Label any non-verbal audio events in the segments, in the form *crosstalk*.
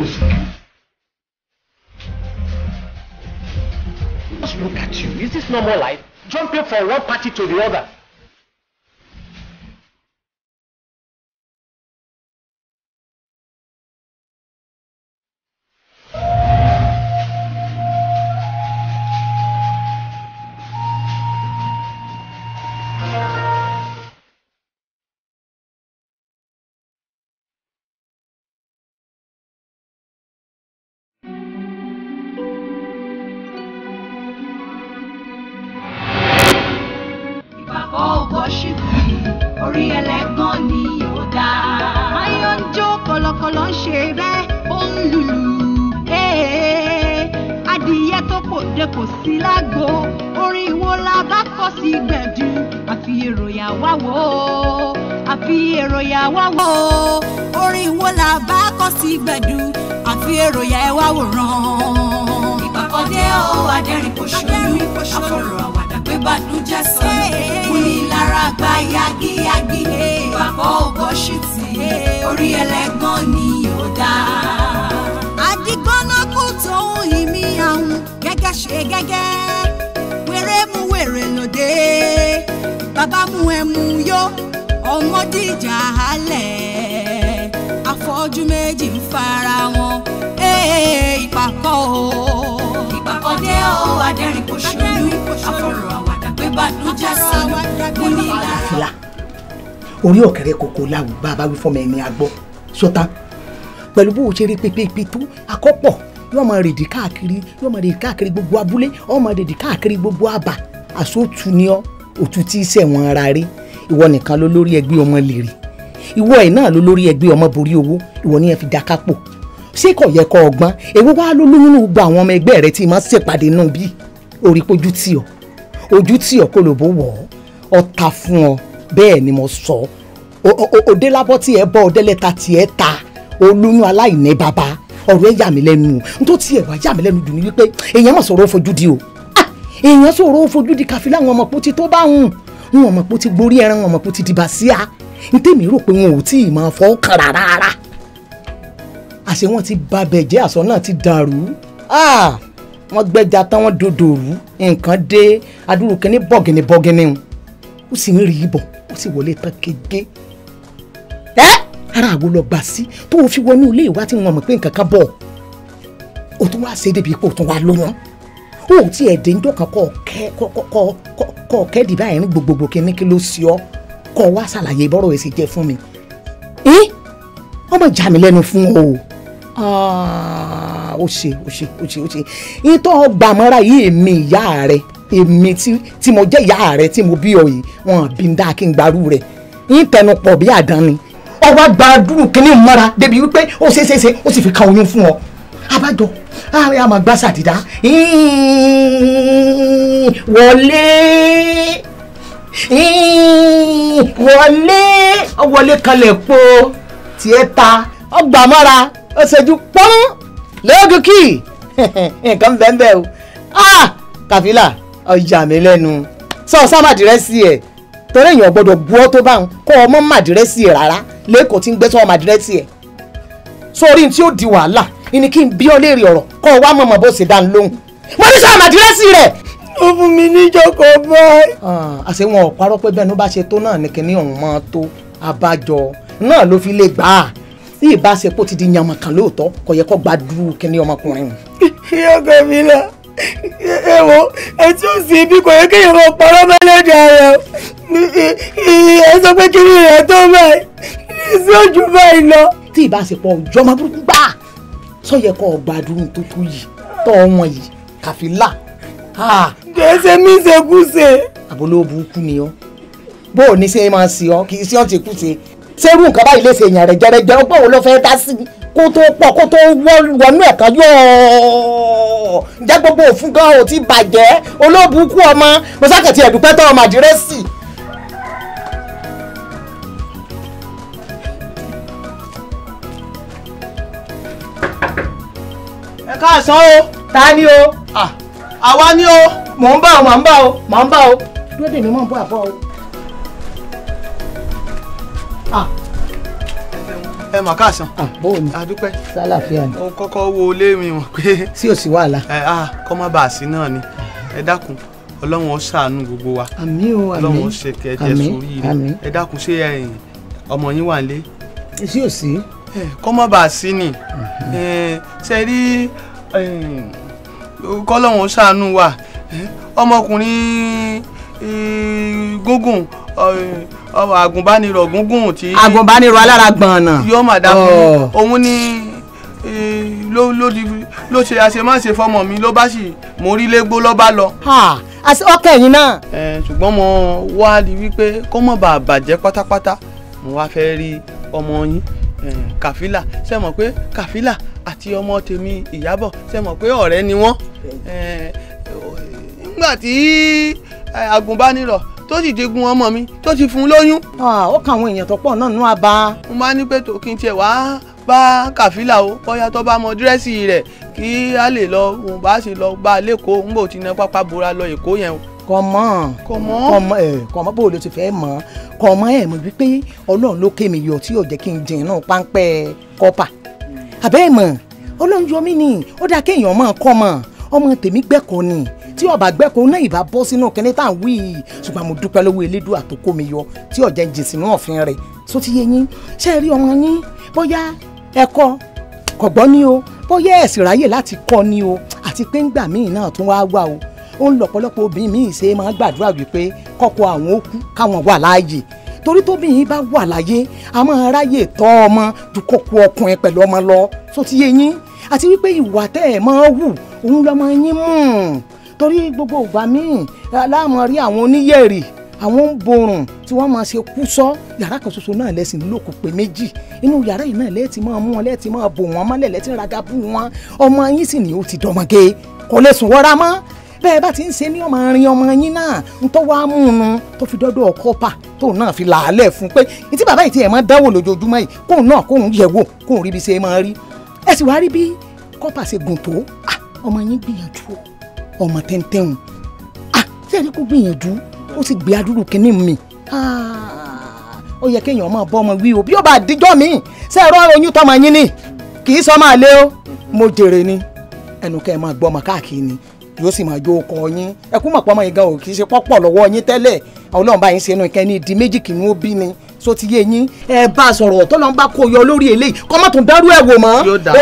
girls. Just look at you. Is this normal life? Jumping from one party to the other. bàbá wí fún mi ní agbọ́ sọta pẹ̀lú bó o ṣe rí pépépé tó akọ́pọ̀ yóò máa rèdí káàkiri yóò máa rèdí káàkiri gbogbo abúlé yóò máa rèdí káàkiri gbogbo àbà àsótù ni ọ òtún tí sẹ̀wọ̀n ara rí ìwọ nìkan ló lórí ẹgbẹ́ ọmọ lè rí ìwọ ẹ̀ náà ló lórí ẹgbẹ́ ọmọ borí owó ìwọ ni ẹ fi dá kápò ṣé kò yẹ kó ọgbọ́n èwo wá ló lóyún nínú gbogbo àwọn ọmọ ẹgbẹ́ rẹ tí máa ṣèpàdé náà bí orí pójú tì ọ ojú tì ọ kó lóbó wọ̀ ọ́ ọ̀tá fún ọ bẹ́ẹ̀ ni mo sọ ọ́ òdelábọ́ tí ẹ bọ́ ọdẹ́lẹ́ta tí ẹ ta olóyún aláìní bàbá ọ̀rọ̀ ẹ yà mí lẹ́nu n tó tiẹ̀ wá yà mí lẹ́nu dùn ní wípé èèyàn mọ̀ sọ̀rọ̀ fojú di o ah! èèyàn sọ̀rọ̀ fojú di kàfi láwọn ọmọ pọ́tí tó bá hùn wọn ọmọ pọ́tí gborí ẹran wọn ọmọ pọ́tí dìbà síà ntẹ́mi rò pé wọn ò tí ì máa fọ́ kàn rárá àṣé wọn ti ba bẹ̀jẹ́ àṣọ náà ti dàrú ah! wọn gbẹja táwọn dodòrú nǹkan dé adúrú kínní bọ̀gìnì bọ̀gìnì ó sì ń rí ibọ̀ ó sì wọlé tán kége ara àwo lọ gbà sí tó o fi wọnú ilé ìwà tí wọn mọ̀ pé nǹkan kan bọ̀ o tún wá ṣe débi o tún wá lóyún o ò tí ẹ̀ dé ńjọ́ kan kọ́ kẹ́ẹ̀dì báyìí ní gbogbogbò kíní kí ló ṣe ọ́ kọ́ wá ṣàlàyé bọ́rọ̀ èsì jẹ́ fún mi ọmọ ìjà mi lẹ́nu fún o ah, o ṣe o ṣe o ṣe o ṣe ìtọ́ gbàmọ́ra yìí èmi ìyá rẹ èmi tí mo jẹ́ ìyá rẹ tí mo bí ọ yìí wọn bí ń dá kí n gbarú rẹ ń tẹnu pọ̀ bí àdán ni ọwọ́ gba dúró kínní mọ́ra débi wípé ó ṣe é ṣe é ṣe ó sì fi ka oyún fún ọ abájọ àárẹ̀ àmọ́ gbàsà dídá wọlé wọlé wọlé kalẹ̀ po tiẹ̀ ta ọgbà mọ́ra ó ṣẹ́jú pọ́n lẹ́gùn kì í nǹkan bẹ́ẹ̀ bẹ́ẹ̀ o ah, kàfílà ọjà mi lẹ́nu sọ sábàdìrẹ́sì ẹ̀ torí èèyàn gbọ́dọ̀ bu ọ́ tó bá ń kọ́ ọmọ màdírẹ́sì ẹ̀ rárá lẹ́kọ̀ọ́ tí ń gbé sọ́ọ́ màdírẹ́sì ẹ̀ sórí tí ó di wàhálà ìní kí n bí ọ léèrè ọ̀rọ̀ kọ́ ọ wá mọ̀mọ́ bó ṣe dá ń lóhùn mo ní sọ́ọ́ màdírẹ́sì rẹ̀. ó fún mi ní báyìí. Ah, àṣé wọn ò parọ́ pé bẹ́ẹ̀ ló bá ṣe tó náà ní kinní ọ̀hún máa tó abájọ náà ló fi lè gbà á ìbáṣepọ̀ ti di yànmọ̀kàn lóòótọ́ kò yẹ kó gbádùn kinní ọmọkùnrin. ìyá náà ẹ̀wọ̀ ẹtí ò sí ibi kò yẹ kí èèyàn kan parọ́ mẹ́lẹ́dẹ̀ rẹ̀ ẹ sọ pé kí ni ìrẹ̀ tó báyìí sí ojú báyìí lọ. tí ìbáṣepọ̀ ọjọ́ máa burúkú gbà sọ yẹ kó gbàdúrún tó kú yìí tọ́ wọn yìí kàfi là. kẹsẹ̀ mi ṣe kú ṣe. àbólówó burúkú ni ọ bó o ní ṣe máa ṣe ọ kì í ṣe ọ ti kú ṣe ṣerú nǹkan báyìí lè ṣe èèyàn rẹ jẹrẹjẹrẹ ọgbọ́n wo ló fẹ́ dá sí i kó tó pọ̀ kó tó wọnú ẹ̀ka yóò jẹ́ gbogbo òfin gan ò ti bàjẹ́ olóòbùkú ọmọ mọ́sákàtì ẹ̀dùpẹ́ tọ́ ọmọ àdírẹ́sì. ẹ káàsán o ta ni o àwa ni o mò ń bá o mò ń bá o mò ń bá o dúró dè mò ń bọ́ àbọ̀ o ẹ mà káàsán. Ah, bóò ni adúpẹ́. sálàfíà ni. mo kọ́kọ́ wo ilé mi wọ̀n pé. tí ò sí wàhálà. ẹ a kọ́ má bàa sí náà ni ẹ dákun ọlọ́run ó ṣàánú gbogbo wa. àmín o àmín ọlọ́run ó ṣe kẹjẹ sórí rẹ ẹ dákun ṣé ẹyìn ọmọ yín wà nílé. sí ò sí. kọ́ má bàa sí ni mhm. ṣe rí kọ́lọ́run ó ṣàánú wa ọmọkùnrin gógùn ọmọ agùnbánirọ̀ gúngùn tí. agùnbánirọ̀ alára gbọ̀nà. yóò mà dá fún mi òun ni ló ṣe àṣemáṣe fọmọ mi ló bá sì mórí légbó ló bá lọ. ọkẹ yìí náà. ṣùgbọ́n mo wá di wípé kó mọ̀ bá bàjẹ́ pátápátá mo wá fẹ́ rí ọmọ yín kàfílà ṣe mọ̀ pé kàfílà àti ọmọ tèmi ìyábọ̀ ṣe mọ̀ pé ọ̀rẹ́ ni wọ́n nígbà tí agùnbánirọ̀ tó sì ti gun ọmọ mi tó ti fún un lóyún. ó kà àwọn èèyàn tó pọ̀ náà nú àbá. mo máa ní pé tó kí n tiẹ̀ wá bá kàfílà o bóyá tó bá mọ dírẹ́sì rẹ̀ kí a lè lọ òun bá sì lọ bá a lẹ́kọ̀ọ́ ń bò tí iná pápá bora lọ èkó yẹn o. kọmọ kọmọ ẹ kọmọ bó o lè ti fẹ́ mọ̀ kọmọ ẹ mọ̀ wípé ọlọ́run ló ké mi yọ tí yóò jẹ́ kí n dín inú páńpẹ́ kọ́pà àbẹ́ẹ̀mọ̀ ọlọ́run yọ mí ni ó dáa kéèyàn máa kọ́ mọ̀ ọmọ tèmi gbẹ́kọ̀ọ́ ni tí ọba gbẹ́kun náà ìbá bọ́ sínú kínní tá à ń wí yìí ṣùgbọ́n mo dúpẹ́ lọ́wọ́ elédùà tó kó mi yọ tí ọ̀jẹ̀ jìn sínú ọ̀fin rẹ̀ tó ti yé yín ṣé ẹ rí ọmọ yín bóyá ẹ̀kọ́ kọ̀gbọ́n ni o bóyá ẹ̀sìn ráyè láti kọ́ ni o àti pé ńgbà míì náà tún wá wà o ó ń lọ̀pọ̀lọpọ̀ obìnrin míì ṣe máa gbàdúrà wípé kọ́kọ́ àwọn ó kú káwọn wà láàyè torí tóbìnrin bá wà láyé a máa ráyè tọ́ ọmọ ju kókó ọkùnrin pẹ̀lú ọmọ lọ tó ti yé yín àti wípé ìwà tẹ́ ẹ̀ máa wù òun lọ́mọ yín mú un torí gbogbo ìgbà míì láàmú rí àwọn oníyẹ̀rì àwọn ń borùn tí wọ́n máa ṣe kú sọ yàrá kan ṣoṣo náà lẹ́sìn lóko pé méjì inú yàrá yìí náà lẹ́ẹ̀tì máa mú wọn lẹ́ẹ̀tì máa bò wọ́n mọ́lẹ̀ lẹ́ẹ̀tì raga bú wọn ọmọ yín sì ni ó ti dọmọge kò lè sùn wọ́ra mọ́ bẹ́ẹ̀ bá ti ń ṣe ní ọmọ rin ọmọ yín náà ń tọ́ wá mú un tó fi dọ́dọ̀ kọ́pà tóun náà fi làálẹ̀ fún pé ìtí bàbá yìí ẹ̀ máa dáwò lójoojúmọ́ yìí kóun náà kóun yẹ̀ wò kóun rí bí ṣe máa rí ẹ sì wá rí bí kọ́pà ṣe gùn tó ọmọ yín gbìyànjú o ọmọ tẹ́ntẹ́n o ah sẹ́ni kó gbìyànjú ó sì gbé adúrú kínní mi ah, ó yẹ kéèyàn máa bọ́ ọmọ wí o bí ó bá díjọ́ mi sẹ́ẹ̀rọ oyún tọmọ yín ni kì í sọ máa lé o mo jèrè ni ẹnu kẹ́ ẹ máa gbọ́ ọmọ káàkiri ni yóò sì máa jó ọkọ yín ẹ kú mọ̀ ọmọ yìí gan o kì í ṣe pọ́pọ̀ lọ́wọ́ yín tẹ́lẹ̀ ọlọ́run bá yín ṣe inú ìkẹ́ni ìdí méjì kìíní ó bí mi so ti yé yín ẹ bá a sọ̀rọ̀ tọ́lọ́n bá kó yọ lórí eléyìí kọ́ má tún dárú ẹ̀ wò mọ́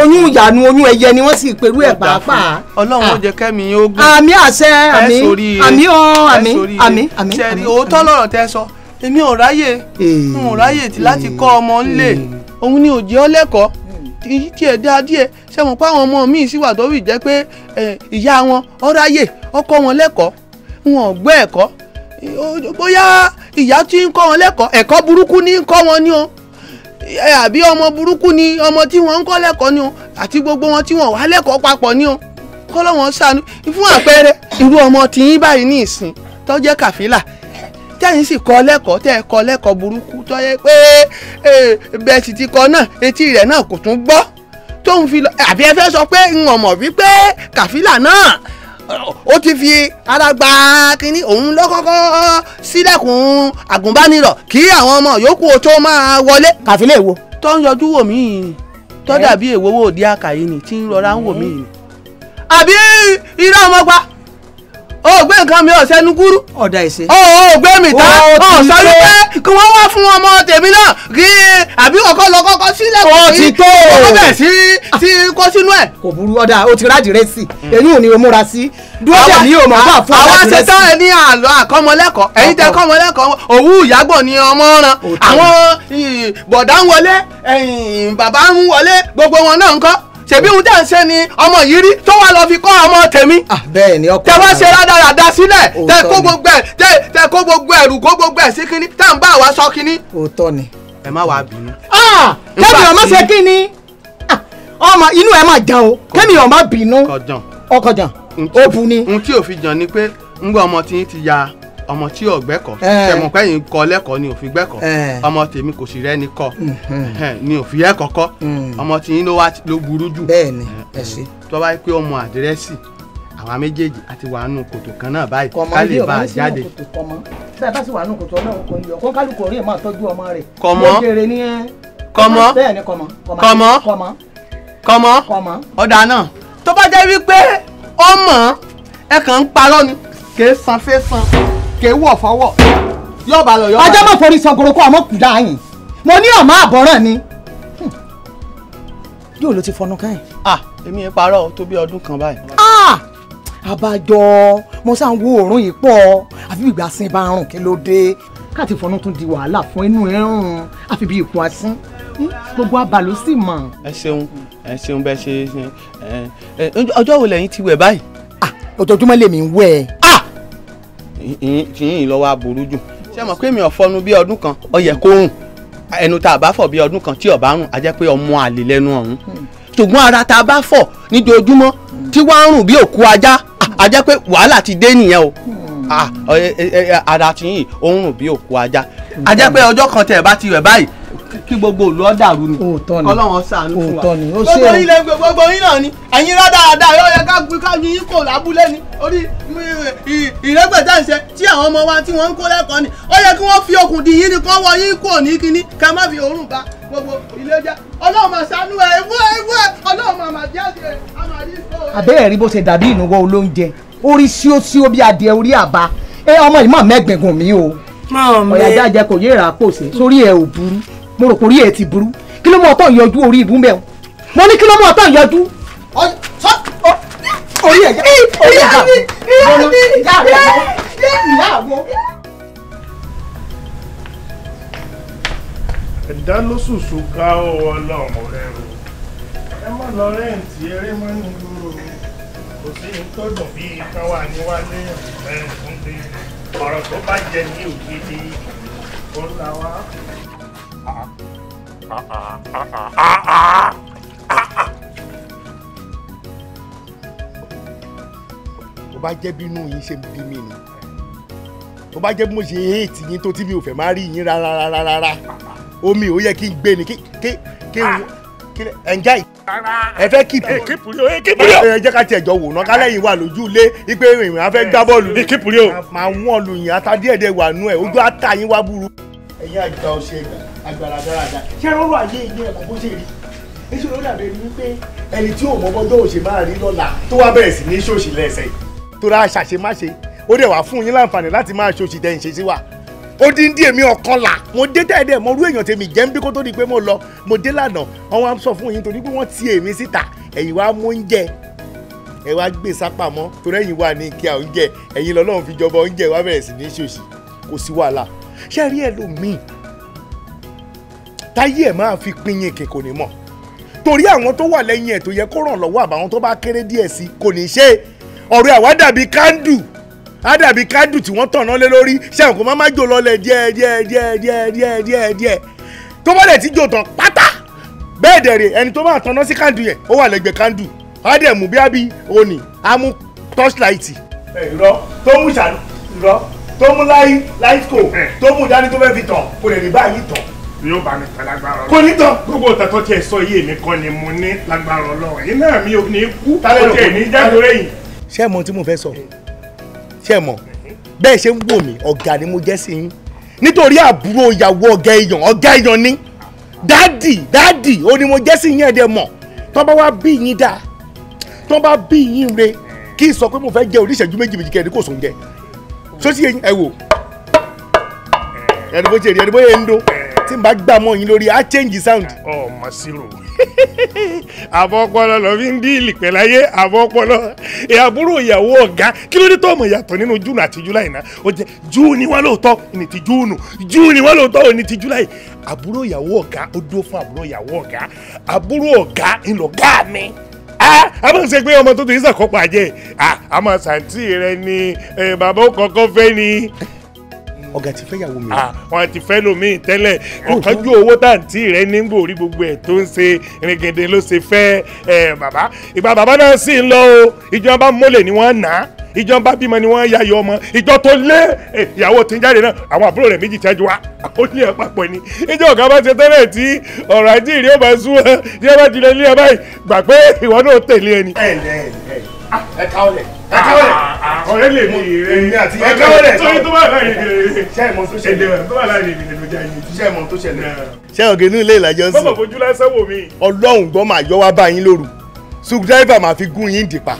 oyún ìyanu oyún ẹyẹ ni wọ́n sì pẹ̀lú ẹ̀ pàápàá. ọlọ́run ah. ó jẹ́ kẹ́mi ó gún. àmì àṣẹ àmì àmì ọ àmì àmì àmì. sẹ́ni òótọ́ lọ̀rọ̀ tẹ́ sọ èmi ò ráyè n ò ráyè tí láti kọ́ ọmọ ńlẹ̀ òun ni òjì ọlẹ́kọ̀ọ́ hmm. tiẹ̀ dáa díẹ̀ ṣe mọ̀ pé àwọn ọmọ míì sì wà tó wì jẹ́ pé ìyá wọn ó ráyè ọkọ wọn lẹ́kọ̀ọ́ wọn ò gbọ́ ẹ̀kọ́ bóyá ìyá tí ń kọ́ wọn lẹ́kọ̀ọ́ ẹ̀kọ́ burúkú ní ń kọ́ wọn ni o àbí ọmọ burúkú ni ọmọ tí wọ́n ń kọ́ lẹ́kọ̀ọ́ ni o àti gbogbo wọn tí wọ́n wá lẹ́kọ̀ọ́ papọ̀ ni o kọ́lọ́ wọn sànú fún àpẹẹrẹ irú ọmọ tí yín báyìí ní ìsìn tó jẹ́ kàfílà tẹ́yìn sì kọ́ lẹ́kọ̀ọ́ tẹ́ ẹ kọ́ lẹ́kọ̀ọ́ burúkú tó yẹ pé bẹ́ẹ̀ sì ti kọ́ náà etí rẹ̀ náà kò tún gbọ́ tóun fi lọ àbí ẹ fẹ́ sọ pé ń ọmọ wípé kàfílà náà ó ti fi ara gba kínní òun ló kọ́kọ́ sílẹ̀kùn àgùnbánirọ̀ kí àwọn ọmọ yòókù tó máa wọlé. kàfílẹ̀ wo. tó ń yọjú wò mí yìí ni tó dàbí èwo wò di àkàyè ni tí ń rọra ń wò mí yìí ni àbí irọ́ ọmọ gba o gbé nǹkan mi ọ̀sẹ̀ nukuru. ọ̀dà ìṣe. o ò gbé mi tán ọ̀ sọ wípé kí wọ́n wá fún ọmọ tèmi náà kí àbí kọ́kọ́ lọ kọ́kọ́ sílẹ̀ kò sí kọ́kọ́ bẹ̀ sí sí kó sínú ẹ̀. kò burú ọ̀dà o ti rájì rẹ sí èyí ò ní o múra sí. dúró ní òmò bá fún ọ̀dà rẹ sí. àwa ṣetán ẹ ní àlọ́ àkọ́mọlẹ́kọ̀ọ́ ẹ̀yin tẹ kọ́mọlẹ́kọ̀ọ́ òwú ìyàgbọ́ ni ọmọ ràn àwọn bọ̀dá ń wọlé bàbá ń wọlé gbogbo wọn náà ń kọ́ ṣebí ohun tẹ́ ń ṣe ni ọmọ yìí rí tó wà lọ fi kọ́ ọmọ tèmi. bẹ́ẹ̀ ni ọkọ tẹ wá ṣe rádaràda sílẹ̀ tẹ kó gbogbo ẹ tẹ tẹ kó gbogbo ẹrù kó gbogbo ẹ sí kínní tẹ ń bá wa sọ kínní. òótọ́ ni. ẹ má wàá bínú. kẹ́mi ọmọ ṣe ni. ọmọ inú ẹ máa jan o kẹ́mi ọmọ bínú ọkọ̀jàn òbu ni. ohun tí fi jàn ni pé ń gbọ́ ọmọ tí ń ti ya ọmọ tí ò gbẹ́kọ̀ tẹ̀mọ̀pẹ́yìn eh. kọ lẹ́kọ̀ọ́ ni ò fi gbẹ́kọ̀ eh. ọmọ tèmi kò sì rẹ́ni kọ́ mm-hmm. eh, ni ò fi yẹ kọ́kọ́ mm. ọmọ tìyín ló wá ló burú jù bẹ́ẹ̀ni ẹ ṣe. tó bá yẹ pé ọmọ àdírẹ́sì àwa méjèèjì àti wà nù kòtò kan náà báyìí ká lè bá a jáde. kọmọ bí a bá sì wà nù kòtò náà kò yọ kó kálukú orí ẹ̀ máa tọ́jú ọmọ rẹ̀. kọmọ kọmọ kọmọ kọmọ kọmọ ọ̀dà náà tó bá jẹ́ wípé ọmọ ẹ̀ kàn ń parọ́ ni kì í san fẹ́ san kéwọ́ fọwọ́ yóò bá lọ yọ. ọjọ́ mọ̀ forí sọ̀gọ̀rọ̀ kó àmọ́ kù dáa yìí mo ní ọ̀mọ́ àbọ̀ràn ni. Hmm. yóò ló ti fọnú káyìn. ah èmi yẹn parọ́ tó bí ọdún kan báyìí. ah àbájọ mo sá ń wo òórùn yìí pọ̀ àfi bí ìgbà sin bá ń rùn kí ló dé. káàtì fọnú tún di wàhálà fún inú ẹ àfi bí ìkùn asín hmm, gbogbo àbà sì mọ̀. ẹ ṣeun ẹ ṣeun bẹ́ẹ̀ ṣe ọjọ́ wo lẹ́yìn ti wẹ̀ báyìí. ah ojoojúmọ́ lèmi ń wẹ̀ ah tí yín lọ́wọ́ aburú jù ṣé mọ̀ pé mi ò fọnu bí ọdún kan ó yẹ kó rùn ẹnu tá a bá fọ̀ bí ọdún kan tí ọba rùn á jẹ́ pé ọmọ àlè lẹ́nu ọ̀hún ṣùgbọ́n ara tá a bá fọ̀ nídojúmọ́ tí wọ́n rùn bí òkú ajá á jẹ́ pé wàhálà ti dé nìyẹn o ah, ara tí yín ó rùn bí òkú ajá á jẹ́ pé ọjọ́ kan tẹ̀ bá ti rẹ̀ báyìí kí gbogbo òlu ọ dàrú ni kọlọ́wọ́n sànú fún wa gbogbo ilẹ̀ gbogbo yín náà ni ẹ̀yin rádaràda yóò yẹ ká ká yín kò lábúlé ni orí ìrẹ́gbẹ̀dá ìṣe tí àwọn ọmọ wa tí wọ́n ń kó lẹ́kọ̀ọ́ ni ó yẹ kí wọ́n fi okùn dì yín ni kọ́ wọ yín kò ní kíní ká má fi òórùn bá gbogbo ilé jẹ́ ọlọ́run máa ṣàánú ẹ̀ ewu ewu ọlọ́run máa máa jáde àmàlí ìfọ̀. àbẹ́rẹ́ rí bó ṣe dàbí ìnáwó olóúnjẹ orí síósíó bí adìẹ orí àbá ẹ ọmọ yìí mo rò pé orí ẹ ti burú kí ló mọ ọtọ ìyọjú orí ìbú mẹ́wọ̀n mo ní kí ló mọ ọtọ ìyọjú. orí ẹ̀ ìyá mi ìyá mi ìyá mi ìyá mi. ẹ̀dá ló ṣùṣù ká ọwọ́ ọlọ́run rẹ̀ rò ẹ má lọ rẹ́ǹtì eré má ní dúró kò sí ní tó dùn bíi káwá níwálé ọ̀rẹ́ fún mi ọ̀rọ̀ tó bá jẹ ní ògidì ó là wá tó bá jẹ́ bínú yín ṣe bí mi ni tó bá jẹ́ bí mo ṣe hate yín tó tí mi ò fẹ́ máa rí yín rárá rárá rárá omi ò yẹ kí n gbé ni kí kí kí enjoy ẹ fẹ́ kíìpù kíìpù yóò kíìpù yóò. ẹ jẹ́ ká tiẹ̀ jọ wò ná kálẹ̀ yìí wà lójú ilé ipe ìrìn afẹ́ gbá bọ́ọ̀lù ní kíìpù yóò. màá wọ́n lu yìí ata díẹ̀ díẹ̀ wà nú ẹ̀ ojú ata yín wá burú. ẹ̀yin àgbà ọ̀sẹ̀ gbà agbára ṣé rọrùn ayé ilé ẹ̀kọ́ bó ṣe rí èso ló dàbí ẹni wípé ẹni tí òun mọ́bọ́jọ́ òṣè máa rí lọ́la tó wá bẹ̀rẹ̀ sí ní ṣòṣì lẹ́sẹ̀ yìí. tora ṣàṣemáṣe ó dẹ̀ wá fún yín láǹfààní láti máa ṣòṣì dẹ̀ ń ṣe sí wa ó dín díẹ̀ mi ọ̀kànlá mo dé tẹ́ẹ̀dẹ̀ mo rú èèyàn tèmi jẹ́ ń bí kó tó di pé mo lọ mo dé lánàá wọn wá sọ fún yín torí pé wọ́n ti èmi síta ẹ̀yin wá mú oúnjẹ ẹ wá gbé sápà torí ẹ̀yin wà ní ìkíà táyé ẹ̀ máa fi pinyin kì kò ní mọ̀ torí àwọn tó wà lẹ́yìn ẹ̀ tó yẹ kó ràn lọ́wọ́ àbáwọn tó bá kéré díẹ̀ sí kò ní ṣe ọ̀rẹ́ àwa dàbí kándù á dàbí kándù tí wọ́n tọ̀nà lé lórí ṣẹ́yìn kò má má jò lọlẹ̀ díẹ̀ díẹ̀ díẹ̀ díẹ̀ díẹ̀ díẹ̀ díẹ̀ tó bá dẹ̀ ti jò tán pátá bẹ́ẹ̀ dẹ̀ rè ẹni tó bá tọ̀nà sí kándù yẹn ó wà lẹ́gbẹ̀ẹ́ kándù á dẹ̀ mú bí ábí òní á mú torchlight. irọ́ tó mú ìṣàlù irọ́ tó mú láì láì tó mú dání tó fẹ́ fi tàn kò lè rí báyìí tàn ni ó bá mi tẹ lágbára ọlọ́run. kò ní tán. gbogbo òtàtọ́ tiẹ̀ sọ iye mi kan ni mo ní lágbára ọlọ́run iná mi ò ní kú ó tiẹ̀ ní jágore yìí. ṣé ẹ mọ tí mo fẹ́ sọ ṣé ẹ mọ bẹ́ẹ̀ ṣe ń wò mí ọ̀gá ni mo jẹ́ sí yín nítorí àbúrò ìyàwó ọ̀gá èèyàn ọ̀gá èèyàn ni dáàdì dáàdì ó ní mo jẹ́ sí yín ẹ̀dẹ̀ mọ̀ tọ́ bá wá bí yín dáa tọ́ bá bí yín re kí n sọ pé mo fẹ́ jẹ oníṣẹ́jú méjì méjì kẹ́ni kò sóúnjẹ sọ́sí ẹ wò ẹni bó ṣe rí ẹni bó ṣe ń do tí n bá gbà mọ́ yín lórí á change sound. ọmọ sírò *laughs* àbọ̀ ọpọlọ lọ fi ń díìlì pẹ̀láyé àbọ̀ ọpọlọ àbúrò ìyàwó ọ̀gá kí ló dé tó ọmọ ìyàtọ̀ nínú june àti july náà ó jẹ june ni wọn lóòótọ́ ní ti june june ni wọn lóòótọ́ ní ti july àbúrò ìyàwó ọ̀gá ó dúró fún àbúrò ìyàwó ọ̀gá àbúrò ọ̀gá ńlọgá mi a máa ń ṣe pé ọmọ tó ti ń sàkópa jẹ a máa ṣàǹtì rẹ ni bàbá ó kọ́kọ́ fẹ́ ni ọ̀gá ti fẹ́ yàwó mi. Ah, wọn ti fẹ́ lomi tẹ́lẹ̀ ọ̀kánjú owó tàǹtí rẹ nígbò orí gbogbo ẹ̀ tó ń ṣe rìngìndín ló ṣe fẹ́ ẹ̀ bàbá ìgbà bàbá náà sì ń lọ o ìjọba mọ́lẹ̀ ni wọ́n nà á ìjọba bímọ ni wọ́n yayọ ọmọ ìjọ tó lé ìyàwó tí ń jáde náà àwọn àbúrò rẹ̀ méjì tẹ́jú wa ó ní ẹ̀ papọ̀ ni ìjọ ọ̀gá bá ṣe tẹ́lẹ̀ tí ọ̀rọ̀ ajé ìrìn ó bá sún ẹ ní ẹ bá jùlọ ilé ẹ báyìí gbà pé ìwọ náà tẹ̀lé ẹni. ẹ ẹ ẹ ẹ káwọlẹ̀ ẹ káwọlẹ̀ ah, ah, ah. ọ̀rẹ́ lè mú èmi àti ẹ káwọlẹ̀ torí tó bá láàyè ìbèrè ṣe ìmọ̀ tó ṣẹlẹ̀ tó bá láàyè ìbèrè ló jẹ́ ìyẹn ṣe ìmọ̀ tó ṣẹlẹ̀. ṣé ọ̀gẹ̀nú ilé ìlàjọ sí. bọ́bọ̀ fojú lásán wò mí. ọlọ́run gbọ́ máa yọ wá bá yín lóru screwdriver máa fi gún yín dìpa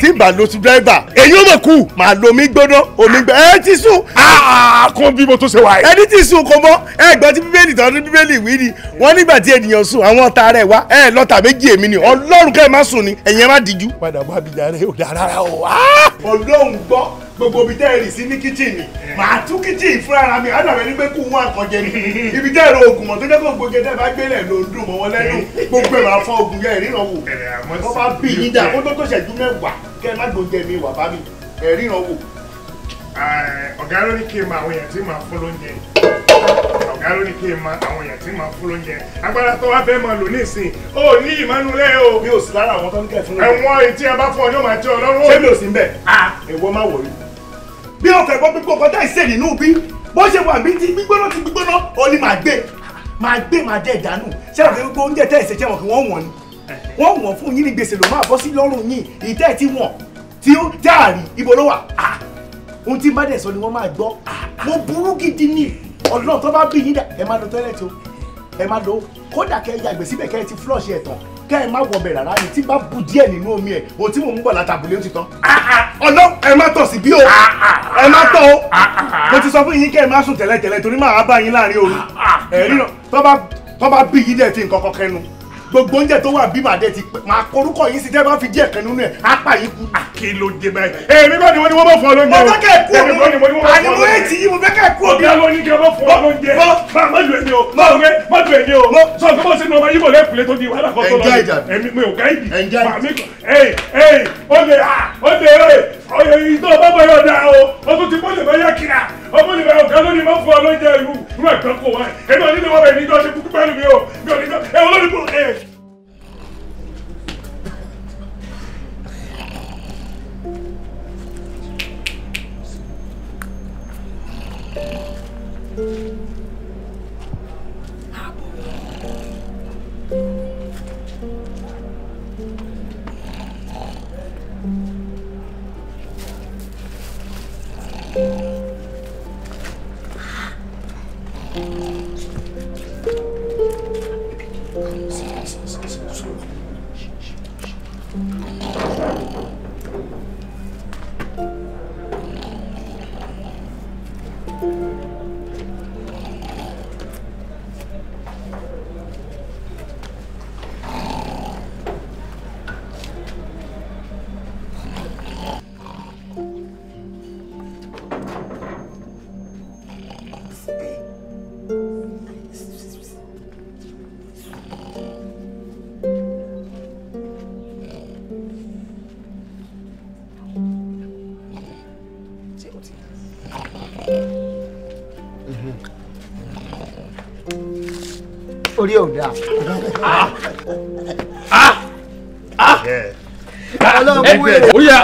tí bá lo screwdriver èyí ó mọ̀ kú máa lo omi gbóná omi gbẹ ẹ ti sùn. kún bí mo tó ṣe wà yìí. ẹni tí sùn kò mọ ẹ gbọ́ tí bíbélì tán ní bíbélì wí ni wọ́n nígbà tí ènìyàn sùn àwọn ọ̀tá rẹ̀ wá ẹ lọ́tà méjì èmi ni ọlọ́run kẹ́ ẹ má sùn ni ẹ̀yin ẹ má díjú. padà wá mi yàrá ò dára rárá o. ọlọ́run gbọ́ gbogbo ibi tẹ́ ẹ rì sí ní kíchìnì màá tún kíchìnì fúnra ara mi àdàbẹ̀ ní pé kú wọn àkànjẹ ni ibi tẹ́ ẹ ro oògùn mọ̀ tó jẹ́ pé gbogbo tẹ́ ẹ bá gbélé ló ń dùn mọ́ wọn lẹ́nu gbogbo ẹ̀ máa fọ oògùn yẹn ìríran wò wọ́n bá bì yín dà kó tó tó ṣẹ́jú mẹ́wàá kẹ́ ẹ má gbòjẹ mi wà bá mi ẹ̀ríran wò. ọ̀gá ló ní kí n máa àwọn èèyàn tí màá fún lóúnjẹ ọ̀gá ló ní kí n máa àwọn èèyàn tí màá fún lóúnjẹ agbára tó wá fẹ́ máa lò ní ìsìn ó ní ìmánulẹ̀ o. mi ò sí lára àwọn tó ń kẹ́ fún mi. ẹ̀wọ̀n ìtí ẹ bá fún ọjọ́ máa jẹ́ ọlọ́run. ṣé mi ò sí ń bẹ̀? ẹ̀wọ́ ah. má wọ̀rí bí o fẹ́ gbọ́ pé kò kọjá ìṣe nínú bí bó ṣe wà bí ti gbígbóná ti gbígbóná ó ní màá gbé màá gbé màá jẹ ìdánù ṣé àwọn kẹ́kẹ́ oúnjẹ tẹ́ ìṣe jẹ́wọ̀n kí wọ́n wọ̀n ni wọ́n wọ̀n fún yín ní gbèsè ló máa bọ́ sí lọ́rùn yín ìtẹ́ ti wọ̀n tí ó dáàrí ibo ló wà ohun tí bá dẹ̀ sọ ni wọ́n máa gbọ́ wọ́n burú gidi ni ọlọ́run tó bá bí yín dà ẹ má lọ tọ́lẹ̀tì o ẹ má lọ kódà kẹ́ yàgbẹ́ síbẹ̀ kẹ́ ti flush ẹ̀ tán kẹ́ ẹ má wọbẹ̀ rárá ni tí bá bu díẹ̀ nínú omi ẹ̀ o tí mò ń bọ̀ látàbùlé ó ti tán. Ah, ah. ọ̀nà ẹ má tọ̀ sí bí o ah, ẹ má tọ̀ o mo ti sọ fún yín kẹ́ ẹ má sùn tẹ́lẹ̀tẹ́lẹ̀ torí màá bá yín láàrin òru ẹ̀rí tọ́ bá bí yín dẹ̀ ti nǹkan kọkẹ́nu gbogbo oúnjẹ tó wà bí màdé ti pẹ́ máa korúkọ yín sí tẹ́ bá fi díẹ̀ kan nínú ẹ̀ apá yìí kú. àkè báyìí. èmi bá ní wọ́n ní wọ́n bá fọ́ lóúnjẹ. mo fẹ́ kẹ́ ẹ̀ kú òmi àní mo yé ti yí mo fẹ́ kẹ́ kú òmi. ọ̀gá ló ní kí wọ́n bá fọ́ lóúnjẹ. má lu èmi o má lu èmi o sọ fún bọ́sẹ̀ ní ọmọ yìí bò lẹ́kùlé tó di wàhálà kan ah, tó lọ. ẹ̀mí ọmọ ìgbà ọ̀gá lónìí máa fún ọ lóúnjẹ ìlú inú ẹ̀gbọ́n kò wá ẹ̀ ẹ̀dùn onídìí wọ́n bẹ̀ ṣe kúkú pẹ̀lú mi o mi ò níjọ́ ẹ̀ olórí kúrò ẹ̀. thank you Thank you. orí ọ̀dà. Ah, ah, ọlọ́run wúre. ó yà.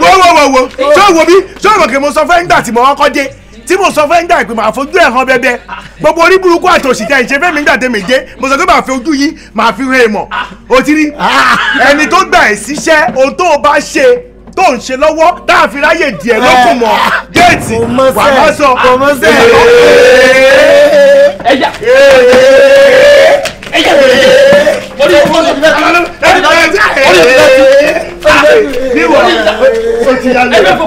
wọ́wọ́wọ́wọ́ tó wo bí tó rò kí mo sọ fẹ́ nígbà tí mo kọ́kọ́ dé tí mo sọ fẹ́ nígbà pé màá fojú ẹ̀ hàn bẹ́bẹ́ gbogbo orí burúkú àtòsí tẹ̀ ṣe fẹ́ mi nígbà tẹ̀ mi dé mo sọ pé màá fi ojú yìí màá fi hàn èèmọ̀ o ti rí ah. ẹni tó gbà ẹ́ síṣẹ́ ohun tó o bá ṣe tó ń ṣe lọ́wọ́ tá a fi ráyè díẹ̀ lókun mọ́ eh. géètì wà á sọ ẹ̀yà eh. ẹ̀yà eh. orí ọmọ mi ọ̀rẹ́ mi ní wọ́n o ti yá lẹ́yìn o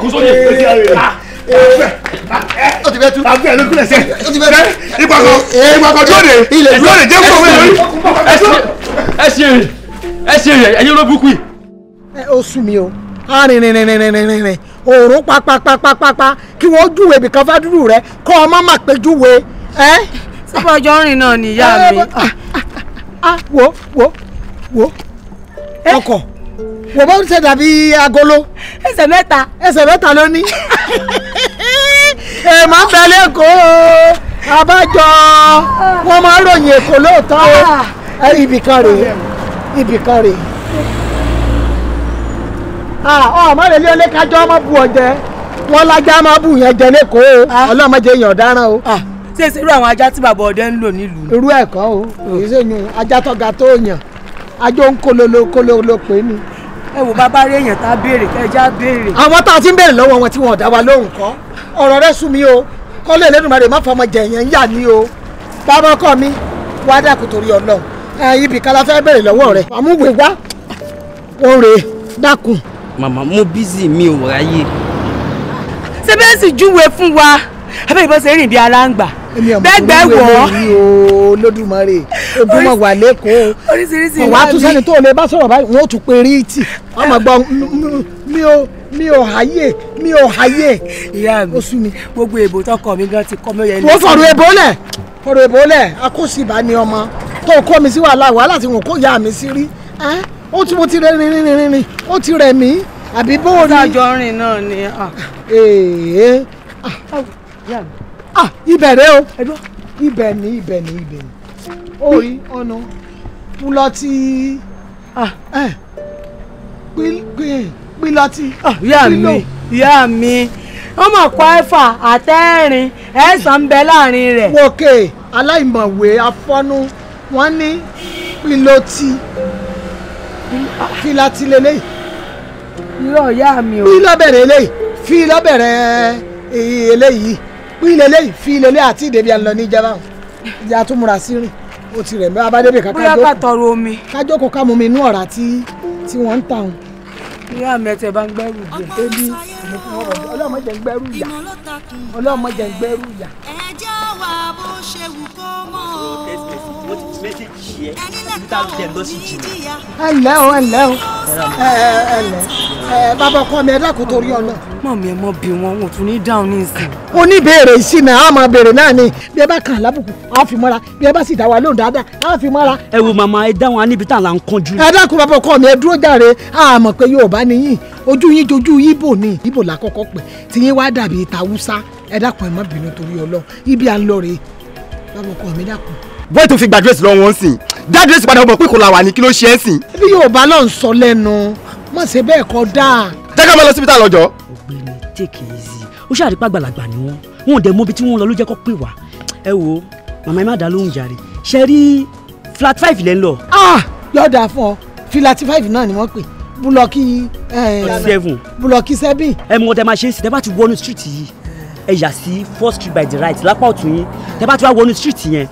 ti yá lẹ́yìn o ti bẹ tu. àbí ẹni kúlẹ̀ sẹ́. o ti bẹ tu. ìgbàgbọ́ ìgbàgbọ́ lóde lóde jẹ́ kó wẹ̀ lórí. ẹ ṣe rè ẹ ṣe rè ẹyin ló bukú. ẹ o sùn mi o arìnrìnrìnrìnrìnrìn òòrùn papapapapapa kí wọ́n júwe ibìkan fádúrú rẹ kọ́ ọ má má pé júwe. sípọ̀jọ́ rìn náà nìyá mi. wo wo wo ọkọ̀ wo bó ń ṣe dàbí agolo. ẹsẹ̀ mẹ́ta. ẹsẹ̀ mẹ́ta ló ní. ẹ máa ń bẹ lẹ́kọ̀ọ́ abájọ wọ́n máa ń ròyìn èkó lóòótọ́ ah. ibìkan rèé ibìkan rèé ah, ọmọ rẹ̀ lé ọmọ bu ọ̀jẹ́ lájá máa bù yẹn jẹ lẹ́kọ̀ọ́ ọlọ́mọdé o. Ah. ṣé irú àwọn ajá tí bàbá ọdẹ ń lò nílùú. irú ẹ wò bàbá rí èèyàn tá a béèrè kẹjá béèrè. àwọn tá a ti ń béèrè lọ́wọ́ wọn tí wọn ò wa lóhùn kọ́ ọ̀rọ̀ rẹ sú mi o kọ́lé Ẹlẹ́dùmarè má fọmọ jẹ̀yàn yà ni o bàbá ọkọ mi wá dákun torí Ọlọ́run ẹ ibì kan la fẹ́ béèrè lọ́wọ́ rẹ àmúwèé wá wọn rè dákun. màmá mo bízì mi ò ráyè. ṣé bẹ́ẹ̀ sì júwe fún wa abẹ́ ṣe rìn bí aláǹgbà bẹ́ẹ̀ gbẹ́ wọ̀ èmi ọmọ egun mọ wà lẹkọọ wà á tún sẹni tó lè bá sọ̀rọ̀ báyìí wọn ò tún pe ríìtì wọn mọ gbọ́ mi ò mi ò háyè mi ò háyè. ìyá mi oṣù mi gbogbo èbò tọkọ mi gan ti kọ mi ó yẹ ilé. wọ́n fọ̀rọ̀ èbò lẹ̀ fọ̀rọ̀ èbò lẹ̀ akóṣìbá ni ọmọ tó kọ́ mi sí wàhálà wàhálà tí wọn kó ìyá mi sí rí ó ti mo ti rẹ rìn rìn rìn ó ti rẹ mí àbí bó o ní. rìn náà ni. ee ibẹ̀ rẹ o ibẹ̀ ni ibẹ̀ ni ibẹ̀ ni orí ọ̀nà ah. pílọ́tì ah, pílọ́tì. ìyá mi ìyá mi wọ́n mọ̀ kọ́ ẹ̀fà àtẹ́rìn ẹ̀sán ń bẹ láàrin rẹ̀. wòkè aláìmọ̀wé afọ́nú wọ́n ní pílọ́tì fílàtì lélẹ́yìí. irọ́ ìyá mi o. pílọ́bẹ̀rẹ̀ eh, eléyìí fílọ́bẹ̀rẹ̀ eléyìí pílẹ̀lẹ́yìí fílẹ̀lẹ́ àti ìdèbí àlọ́ níjàmbá ìyá tó múra sí rìn ó ti rẹ̀ mẹ́ abádébè ká kájọ́ bóyá ká tọrọ omi kájọ́ ká mu mi inú ọ̀rá tí tí wọ́n ń tàn. ìyá mi bá ń gbẹ́rù jẹ ebi ọlọ́mọdé ń gbẹ́rù yà ọlọ́mọdé ń gbẹ́rù yà. ẹjọ́ wà bó ṣe wù kó mọ́ ọ́ méjèèjì yẹ níta o ẹ o ẹ bàbá ọkọ mi ẹ dákun torí ọ̀nà. mọ̀ mi ẹ mọ̀ bí wọn wọn tún ní dáhùn ní ìsìn. oníbèrè ìsìnà á máa bèrè náà ni bí ẹ bá kàn lábùkù á fi mọ́ra bí ẹ bá sì dá wa lóhùn dáadáa á fi mọ́ra. ẹ wo màmá ẹ dáhùn á níbi tá à ń kánjú. ẹ dákun bàbá ọkọ mi ẹ dúró jàre á mọ̀ pé Yorùbá nìyí ojú yín jojú ibo ni ibo làkọ́kọ́ pẹ̀ tiyín wá dàbí ìta Haúsá ẹ dákun ẹ má bínú torí Ọlọ́run ibi à ń lọ rèé bàbá ọkọ mi dákun bọ́ọ̀ tó fi gba dírẹ́sì lọ́wọ́ wọn sìn dá dírẹ́sì padà mọ̀ pé kò la wà ní kí ló ṣe é sìn. bí yorùbá náà ń sọ lẹ́nu mọ̀ sí bẹ́ẹ̀ kọ́ dáa. jẹ́ká máa lọ síbi tá a lọ jọ. ọ̀gbẹ́ni take it easy ó ṣàdípá gbàlagbà ni wọn wọn ò dẹ̀ mọ̀ ibi tí wọn lọ ló jẹ́ kó pè wá ẹ wo màmá ẹ má dá lóhùn jàre ṣe rí flat five lẹ́ ń lọ. ah yọ̀ọ̀dà fún flat five náà ni wọ́n pè búlọ́kì seven búlọ́kì seven. ẹ mọ̀ tẹ́ máa ṣe é sí tẹ́ bá ti wọnú street yìí ẹ yà sí fourth street by the right lápá ọ̀tún yín tẹ́ bá ti wá wọnú street yẹn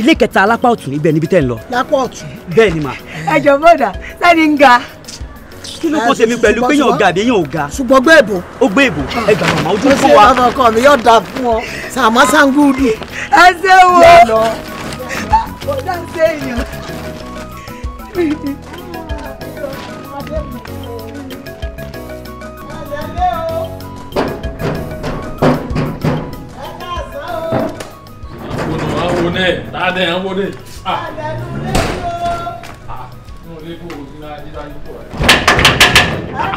ilé kẹta alápá ọ̀tún níbẹ̀ níbi tẹ́ ń lọ. lápá ọ̀tún. bẹ́ẹ̀ ni mà. ẹ jọ bọ́dà sani ń ga. kí ló kó tèmi pẹ̀lú pé yàn ọ̀gá àbí yàn ọ̀gá. ṣùgbọ́n gbé èbò. ó gbé èbò ẹ gbà màmá ojú fún wa. ó ọkọ mi yóò dà fún ọ sàmá sangudu. ẹ ṣe wo bọ́dà ṣe èèyàn. wo náà dáadé ẹ̀ ń wo dé. ah lé o. mo lè kó o sí náà jíjá yín pọ̀ ẹ̀.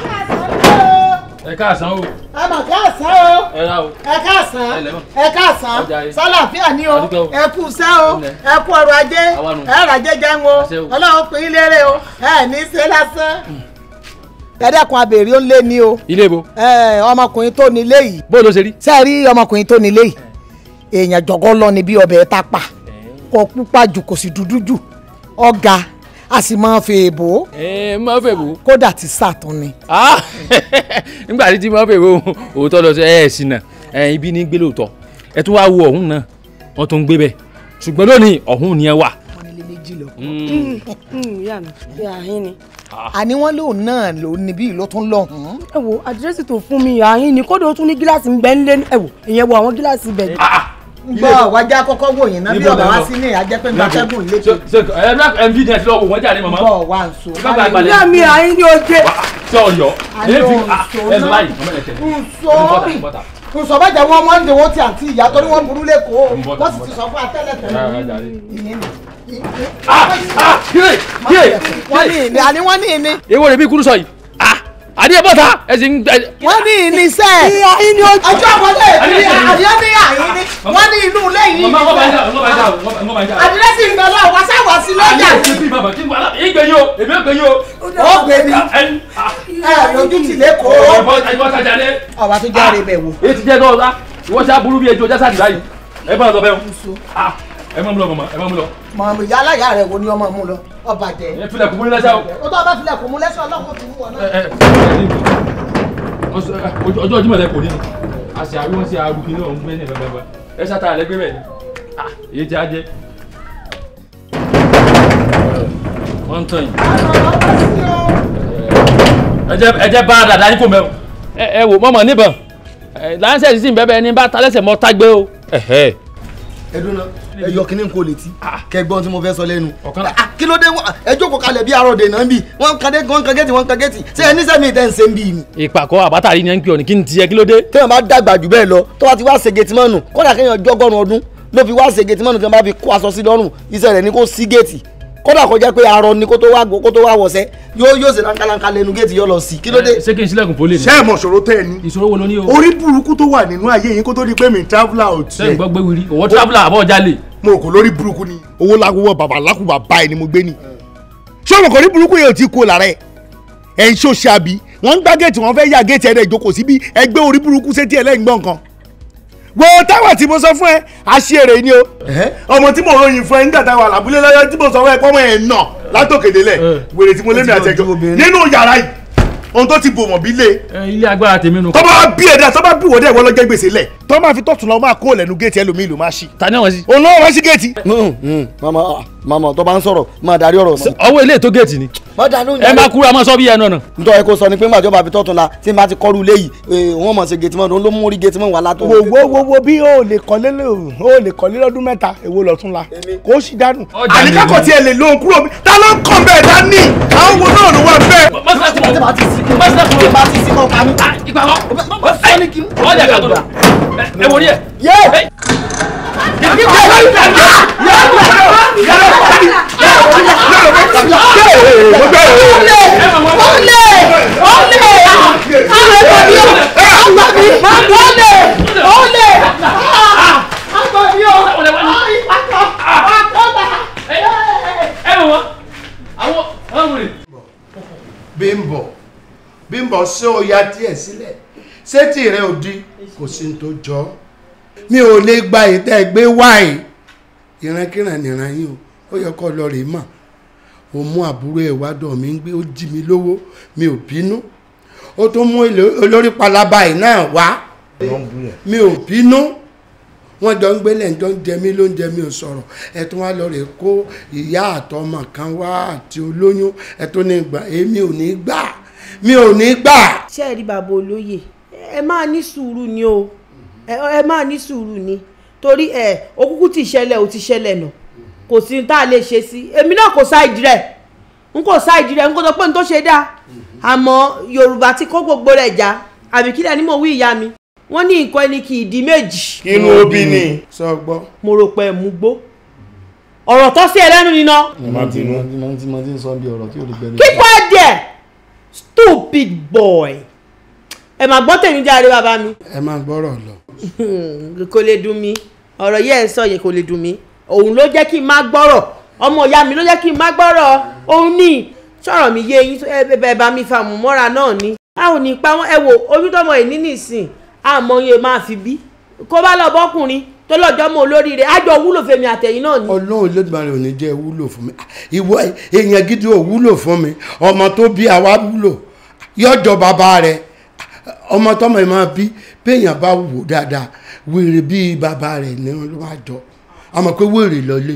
o. ẹ̀ka àsán o. àmọ̀ ká àsán o. ẹ̀ka àsán. ẹ̀ka àsán. ni o. ẹ kú iṣẹ́ o. ẹ kú ọrọ̀ ajé. ẹ ràjẹ́ jẹun o. ọlọ́run pín in lérè o. ẹ ní í ṣe lásán ẹ̀ẹ́dẹ́kun abèrè ó lé ní o. ilé bo. ọmọkùnrin tó nílé yìí. bó ló ṣe rí. sẹ́ẹ̀ rí ọmọkùnrin tó nílé yìí èèyàn jọ̀gọ́ lọ ni bí ọbẹ̀ ta pa eh. kò pupa jù kò sì dúdú jù ọ̀gá a sì máa fẹ́ èbó. ẹ eh, máa fẹ́ èbó. kódà ti sàtún ni. Ah, *laughs* nígbà tí máa fẹ́ èbó òótọ́ lọ sí eh, ẹ ẹ̀ sínà ẹ ibi ní gbé lóòótọ́ ẹ tún wáá wo ọ̀hún náà wọ́n tún gbé bẹ́ẹ̀ ṣùgbọ́n lónìí ọ̀hún ni ẹ wà. Hmm. Hmm, hmm, ah. àní wọ́n lóun náà ló níbí ló tún lọ́hùn. ẹ wo àdírẹ́sì tó fún mi ààyè ni kódà ó tún ní gíláàsì ń bẹ ẹ wo ìyẹn wo àwọn gíláàsì bẹ̀. Ah, gbọ́ wájà kọ́kọ́ wò yín náà bí ọ̀bà wá sí ní àjẹpẹ́ gbàtẹ́gùn létí. ẹ̀rọ mvds lọ wò wọ́n jáde mọ̀mọ́. bọ̀ wá ń so. ìyá mi àyín ni ó ah, sọ ọyọ ẹbí ẹnu láyìn ọmọ ẹ tẹ wọn mọ ndé ti àǹtí ìyá torí wọn burú lẹkọọ wọn sì ti sọ fún atẹlẹtẹlẹ ìyẹn ni. ah ah kílè kílè wọ́n ní ìní àní wọ́n ní ìní. èwo bí kúrú yìí àdìyẹ bọ́ta ẹ wọ́n ní ìní ìyá ìní ojú. ọjọ́ àkọlé ìdílé àdìyẹ ní àyíní. wọ́n ní inú ilé yìí. mama wọ́n bá ń jà wọ́n bá bá ń jà. àdìyẹ sì ń bẹ wá sáwọ́ sí lọ́jà. àdìyẹ sì ń bí bàbá ó gbé mi ẹ lójú ti kó. ọba tó jáde bẹ̀ ẹ máa mú lọ màmá ẹ máa mú lọ. màmá yálà yà rẹ wo ni ọmọ mú lọ ọba jẹ. ẹ filẹ kò múlẹ lẹsẹ o. o tó a bá filẹ kò múlẹ sọ ọlọ́wọ́ tó wù ọ náà. ọjọ́ ọjọ́ mọ̀lẹ́ kò ní ni a sì àwí wọn sí arúgbó náà ń gbé ní ìlọ́gbàgbà ẹ sátà rẹ gbé bẹ́ẹ̀ ni èyí ti á jẹ́. wọ́n ń tàn yín. ẹ jẹ́ bá a dàda ní kò mẹ́wọ̀. ẹ wò mọ̀mọ́ níbọn láńsẹ̀ sísìn bẹ́ẹ̀ bẹ́ẹ̀ ni bá ta mọ́ tágbé o. ẹ̀dùn náà ẹ yọ kíní nǹkan létí ah. kẹgbọn tí mo fẹ́ sọ lẹ́nu ah, kí ló dé ẹ jókòó kalẹ̀ bí arọ dènà ń bì wọ́n kan dé wọ́n kan gẹ́tì wọ́n kan gẹ́tì ṣé ẹ níṣẹ́ mi tẹ́ ń ṣe ń bì mí. ìpàkọ́ àbátàrí ni ẹ ń pè ọ́ ní kí n tiẹ̀ kí ló dé. téèyàn bá dàgbà jù bẹ́ẹ̀ lọ tó bá ti wá ṣègè tí mọ́nù kódà kéèyàn jọ́gọ́rùn ọdún ló fi wá ṣègè tí mọ́nù tí wọ́n bá fi kó aṣọ sí lọ́rùn iṣẹ́ rẹ̀ ni kó sí géètì kódà kọjá pé arọ ni kó tó wá kó tó wá wọ̀sẹ́ yóò yóò ṣe lankalanka lẹnu géètì yóò lọ sí kí ló dé. ṣé kí n sílẹ̀kùn fólè ni. ṣé ẹ mọ̀ ṣòro tẹ́ ẹ ní. ìṣòro wo ló ní o. orí burúkú tó wà nínú ayé yìí kó tó di pé mi traveler ò tiẹ̀. gbọ́ gbé wiri òwò traveler àbọ̀ jalè mo rò kó lórí burúkú ni owó lákòwọ́ bàbá lákùbà báyìí ni mo gbé ni ṣé mo kò ní burúkú yẹn ò ti kó lára ẹ̀ ẹ̀ ń ṣó ṣàbí wọ́n ń gbá géètì wọ́n fẹ́ yà géètì ẹ̀rẹ́ ìjókòó síbi ẹgbẹ́ orí burúkú sétí ẹ̀ lẹ́yìn gbọ́n kan gbogbo táwa tí mo sọ fún ẹ àṣìẹrẹ ni o ọmọ tí mo ròyìn fún ẹ nígbà táwa làbúlé lọ́yọ́ tí mo sọ fún ẹ pọ́nmọ́ ẹ̀ nà látòkèdélẹ̀ wèrè tí mo lé mi àtẹ̀jọ́ nínú yàrá yìí ohun tó ti bò mọ̀ bí lé. ilé agbára tèmi nù. tọ́ba bí ẹ̀dá tọ́ba bí wọ́dẹ̀ wọ́n gbèsè lẹ̀ tó máa fi tọ̀tún lọ máa kó lẹ́nu géètì ẹlòmíì ló máa ṣí. ta ni àwọn sí. òun náà wá sí géètì. mama mama mm, mm. ah, tó bá ń sọ̀rọ̀ máa darí ọ̀rọ̀ mi. ọwọ́ ilé ètò géètì ni. má dànù yàrá. ẹ má kúrò àmọ́ sọ bí ẹnu ọ̀nà. ntọ́ ẹ kò sọ ni pé màjọ́ bá fi tọ̀tún la tí màá ti kọ́rù ilé yìí eh, wọ́n mọ̀ sí géètì mọ́ ló mú orí géètì mọ́ wà látọ̀. wo wo wo wo bí o lè kọ́lé o lè kọ́lé lọ́dún mẹ́ta èwo lọ́tún la kò ó sì dànù. àníkàkọ̀ tiẹ̀ lè lóhun kúrò mi ta ló ń kàn bẹ́ẹ̀ dání àwọn wo náà ló wà bẹ́ẹ̀. mọ́sálásí mọ́ ẹ wọlé ẹ. yẹ Bímbọ́ Bímbọ́ ṣé o ya díẹ̀ sílẹ̀ ṣé tí rẹ ò di kò sí ní tó jọ mi ò lè gba ìtẹ́ ẹgbẹ́ wáì ìrankíran nìran yín o ó yẹ kó lọ rèé mọ̀ ó mú àbúrò ẹ̀ wá dọ̀ mí gbé ó jí mi lówó mi ò bínú ó tún mú olórí palaba yìí náà wá mi ò bínú wọ́n jọ ń gbélé ǹjọ́ ń jẹ mí ló ń jẹ mí ò sọ̀rọ̀ ẹ tún wá lọ rè kó ìyá àtọmọ kan wá àti olóyún ẹ tún ní gbà èmi ò ní gbà mi ò ní gbà. ṣé ẹ rí bàbá olóyè ẹ máa ní sùúrù ni o ẹ máa ní sùúrù ni torí ẹ okúkú ti ṣẹlẹ̀ ó ti ṣẹlẹ̀ nà kò sí tá a lè ṣe sí èmi náà kò ṣáìdì rẹ̀ n kò ṣáìdì rẹ̀ n kò sọ pé n tó ṣe dáa àmọ́ Yorùbá ti kó gbogbo rẹ̀ já àbí kílẹ̀ ni mo wí ìyá mi wọ́n ní nǹkan ẹni kì í di méjì. kínú obì ni sọ gbọ́. mo rò pé mú gbó ọ̀rọ̀ tó sí ẹlẹ́nu nínú. kí pàdé stupid boy ẹ máa gbọ́ tèmi járe bàbá mi. ẹ máa gbọ́rọ̀ lọ. *laughs* kò lè dùn mí ọ̀rọ̀ yẹ́ ẹ sọ yẹn kò lè dùn mí òun ló jẹ́ kí n má gbọ́rọ̀ ọmọ ìyá mi ló jẹ́ kí n má gbọ́rọ̀ òun ní sọ̀rọ̀ mi yé yín ẹ bá mi fàmù mọ́ra náà ni a ò ní pa wọn ẹ wo oyún tọmọ ẹ ní nìsín àmọ́ yẹn máa fi bí kó bá lọ bọ́kùnrin tó lọ́jọ́ mọ́ olóríire àjọ wúlò fèmi àtẹ̀yìn náà ni. ọlọ́run lẹ́gbàá ò ní jẹ́ wúlò fún mi ìwọ èèyàn gidi ò wúlò fún mi ọmọ tó bí àwa wúlò yọjọ bàbá rẹ̀ ọmọ tọmọ ẹ máa bí béèyàn bá wò dáadáa wèrè bíi bàbá rẹ̀ ni wọ́n máa jọ àmọ́ pé wèrè lọlé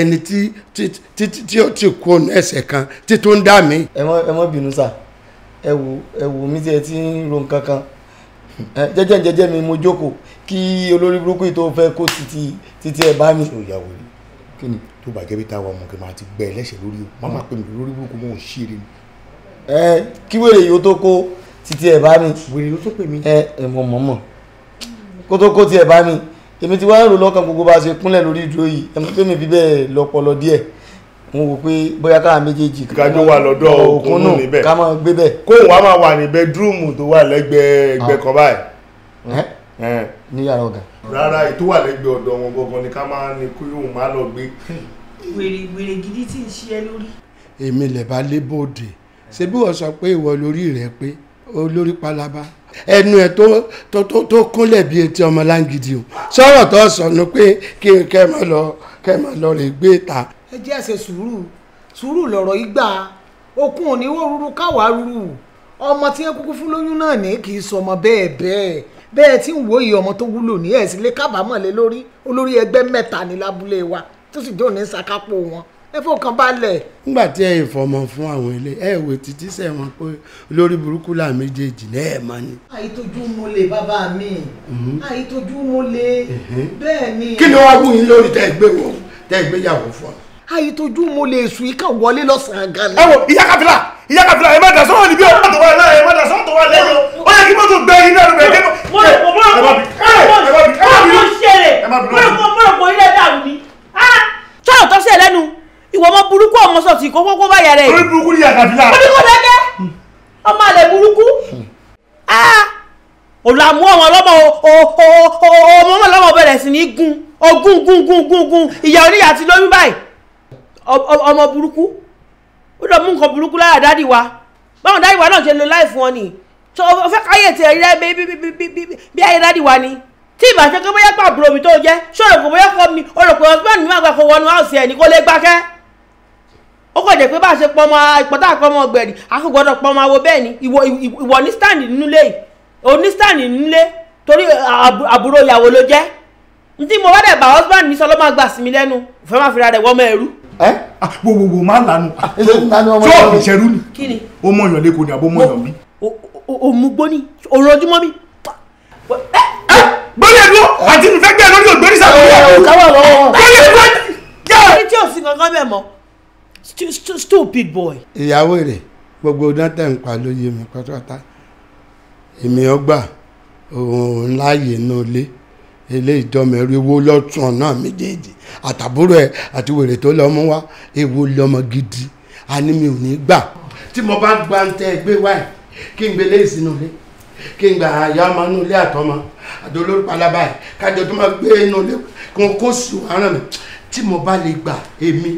ẹni tí tí tí tí ó ti kú ẹsẹ̀ kan tí tó ń dà mí. ẹ mọ ẹ mọ bínú sá ẹ wò ẹ wò mí tí ẹ ti ń ro nǹkan kan jẹ́jẹ́ jẹ́jẹ́ mi mo jókòó kí olórí burúkú yìí tó fẹ́ kó títí títí ẹ bá mi. ṣé o yà wò ni tó bàjẹ́ bí táwa ọmọ kìí máa ti gbẹ ẹ lẹ́sẹ̀ lórí o má má hmm. pè mí lórí burúkú mo ò ṣí ẹ ni. ẹ kí wèrè yìí ó tó kó títí ẹ̀ bá mi. wèrè ló tó pè mí. ẹ ẹ mọ̀ mọ̀ mọ̀ kó tó kó tiẹ̀ bá mi èmi ti wá rò lọ́kàn gbogbo bá ṣe kúnlẹ̀ lórí ìdúró yìí ẹ mọ̀ pé mi fi bẹ́ẹ̀ lọ́pọlọ díẹ̀ mo wò pé bóyá káà méjèèjì kájọ wà lọ́dọ̀ òkun nù níbẹ̀ ká máa gbé bẹ̀. kóun wá máa wà ní bẹ́dúrúmù tó wà lẹ́gbẹ̀ẹ́ ẹgbẹ́ kan báyìí ní yàrá ọ̀gá. rárá ètò wà lẹ́gbẹ̀ẹ́ ọ̀dọ̀ wọn gangan ni ká máa ní kí òun máa lọ gbé. wèrè wèrè gidi tí ń ṣe lórí. èmi lè bá lébòde ṣé bí sọ pé ìwọ lórí rẹ pé olórí palaba ẹnu ẹ tó tó tó kúnlẹ̀ bíi etí ọmọ láǹgìdì o sọ̀rọ̀ tó sọnù pé kí n kẹ́ mọ́ lọ kẹ́ mọ́ lọ rè gbé ta. ẹ jẹ́ ẹsẹ̀ sùúrù sùúrù lọ̀rọ̀ igba okun ò ní wó ruru káwá ruru ọmọ tí ẹ kúkú fún lóyún náà ní kì í sọ ọmọ bẹ́ẹ̀ bẹ́ẹ̀ bẹ́ẹ̀ tí ń wo iye ọmọ tó wúlò ní ẹ̀sìn lé kábàámọ̀ lé lórí olórí ẹgbẹ́ mẹ́ta ní lábúlé wa tó sì dóòní sàkápò wọn ẹ fọkàn balẹ̀. nígbà tí ẹ ìfọmọ fún àwọn ilé ẹ wò títí sẹ wọn pé olórí burúkú là méjèèjì lẹ́ẹ̀ máa ní. àìtójú mo lè bàbá mi mhm. àìtójú mo lè mhm. bẹ́ẹ̀ ni. kí ni wàá wù yín lórí tẹ́ ẹ gbé wọ tẹ́ ẹ gbéyàwó fún ọ. àìtójú mo lè yìí kàn wọlé lọ́sàn-án gan ẹ wo ìyá kàfílà ìyá kàfílà ẹ má dà sọ́wọ́ níbí ọ̀ kó kókó bá yàrá yìí. orí burúkú ni yàrá fìlà. orí kò dẹ́gẹ́ ọmọ àlè burúkú. olùhàmú ọmọ ọlọ́mọ ọmọ ọlọ́mọ bẹ̀rẹ̀ sí ní gun ogún gun gun gun gun ìyá oníyà ti lóyún báyìí ọmọ burúkú ó lọ mú nǹkan burúkú lára dádì wa báwọn dádì wa náà ṣe lo láì fún ọ nìyí so o fẹ́ káyè tí ẹ̀rí rẹ bí ayé dádì wa ni tí ìbá ṣe pé bóyá pàbùrọ̀ mi tó jẹ́ ṣòro kò bóyá kọ́ mi o rò pé husband mi máa gbà kó wọnú house ẹ̀ ní kó lè gbákẹ́ ó kọ̀ jẹ́ pé bá a ṣe pọ̀ ọmọ ìpọ́tà àkọ́ ọmọ ọgbẹ̀rì akọ̀gbọ́dọ̀ pọ̀ ọmọ awo bẹ́ẹ̀ ni ìwọ ìwọ ní stand nílé yìí òní stand nílé torí àbúrò ìyàwó ló jẹ́ n tí mo bá dẹ̀ bá husband mi sọ ló máa gbà sí mi lẹ́nu ìfẹ́ máa fi ra rẹ̀ wọ́n mọ ẹrú. ẹ wo wo wo máa lanu tí ah, o fi ṣẹrú ni o mọ ìyàn lẹkọọ ni àbó mọ ìyàn mi. òmùgbó ni òrùn ojúmọ́ mi. gbọ́dọ̀ dúró àti ìfẹ́ gbẹ́ lórí ògbóni sàkóyà. gbọ́dọ̀ dúró jẹ́. ẹni tí ò sí kankan bẹ̀ mọ́ stupid boy. ìyàwó rẹ gbogbo dáńtẹ̀ ń pa lóye mi pátápátá èmi ọgbà òun láàyè inú ilé ilé ìdánmẹ́rú ewo lọ́tún ọ̀nà méjèèjì àtàbúrò ẹ̀ àti wèrè tó lọ́ mú wá ewo lọ́mọ gidi a ní mi ò ní gbà. tí mo bá gba ntẹ gbé wáyé kí n gbélé ìsinú ilé kí n gba àyà ọmọ inú ilé àtọmọ àdolórí palaba ẹ kájọ tó máa gbé inú ilé kó kó sùn àárọ̀ mi tí mo bá lè gbà èmi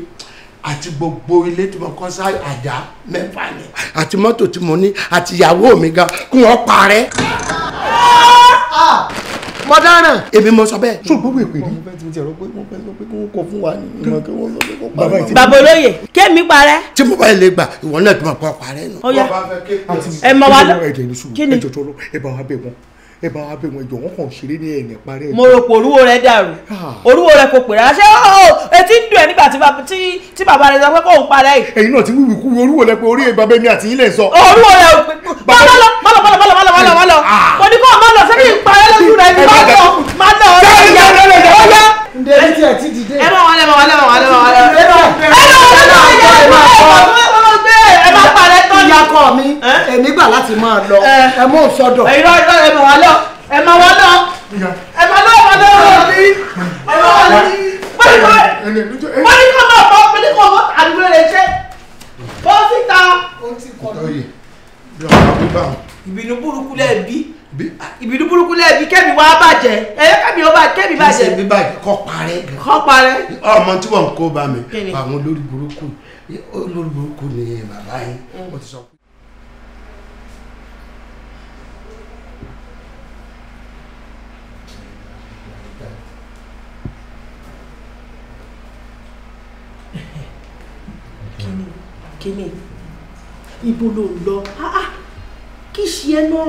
àti gbogbo ilé tí mo kọ́ sá àjà mẹ́fà ni àti mọ́tò tí mo ní àti ìyàwó mi gan kí wọ́n parẹ́. Ah! Ah! mo dáràn. èmi mo sọ bẹ́ẹ̀. sọ gbogbo ìpè rí. bàbá olóye kémi parẹ́. tí mo bá lè gbà ìwọ náà tí mo kọ́ parẹ́ nù. ó yá ẹ mọ lọ kí ni. ẹ jọjọ lọ ẹ bá ẹ bá wa bẹ wọn jọ wọn kàn ṣeré ní ẹ̀yìn parẹ́. mo rò pé orúwo rẹ dàrú orúwo rẹ kò pè rárá ṣé etí ń dùn ẹ nígbà tí bàbá rẹ sọ pé kò ń parẹ́ yìí. ẹ̀yin náà ti wíwì kú orúwo rẹ pé orí bàbá mi àti ilé sọ. orúwo rẹ ò pé bàbá lọ má lọ má lọ má lọ má lọ má lọ má lọ kò ní kó o má lọ sẹ́ni ìparẹ́ lójú rẹ ni má lọ má lọ ọ̀rẹ́ ìyá ẹ bá wọn lẹ́ bá wọn lẹ́ bá wọn lẹ́ bá wọn lẹ́ ìyá ọkọ mi èmi gbà láti máa lọ ẹ mú sọ́dọ̀. ẹ irọ́ irọ́ ẹ mọ̀ wá lọ ẹ mọ̀ wá lọ ẹ mọ̀ lọ wá lọ ọ̀rọ̀ mi ẹ mọ̀ wá lọ wọ́n ní kọ́ máa bọ́ pé ní kò mọ́ àdúgbò rẹ̀ ṣe bọ́ síta. ìbínú burúkú lẹ́ẹ̀bí ìbínú burúkú lẹ́ẹ̀bí kẹ́mi wá bàjẹ́ ẹ̀yẹ́ kẹ́mi ó bàjẹ́ kẹ́mi bàjẹ́. kí ṣe bí bàjẹ́ kọ́ parẹ́. kọ́ parẹ́. ọmọ tí wọ́n ń kó bá mi àwọn olórí burúkú olórí burúkú ni bàbá yín mm. ó ti sọ pé. kíni kíni ibo ló ń lọ ah, ah, kí ṣe ẹ náà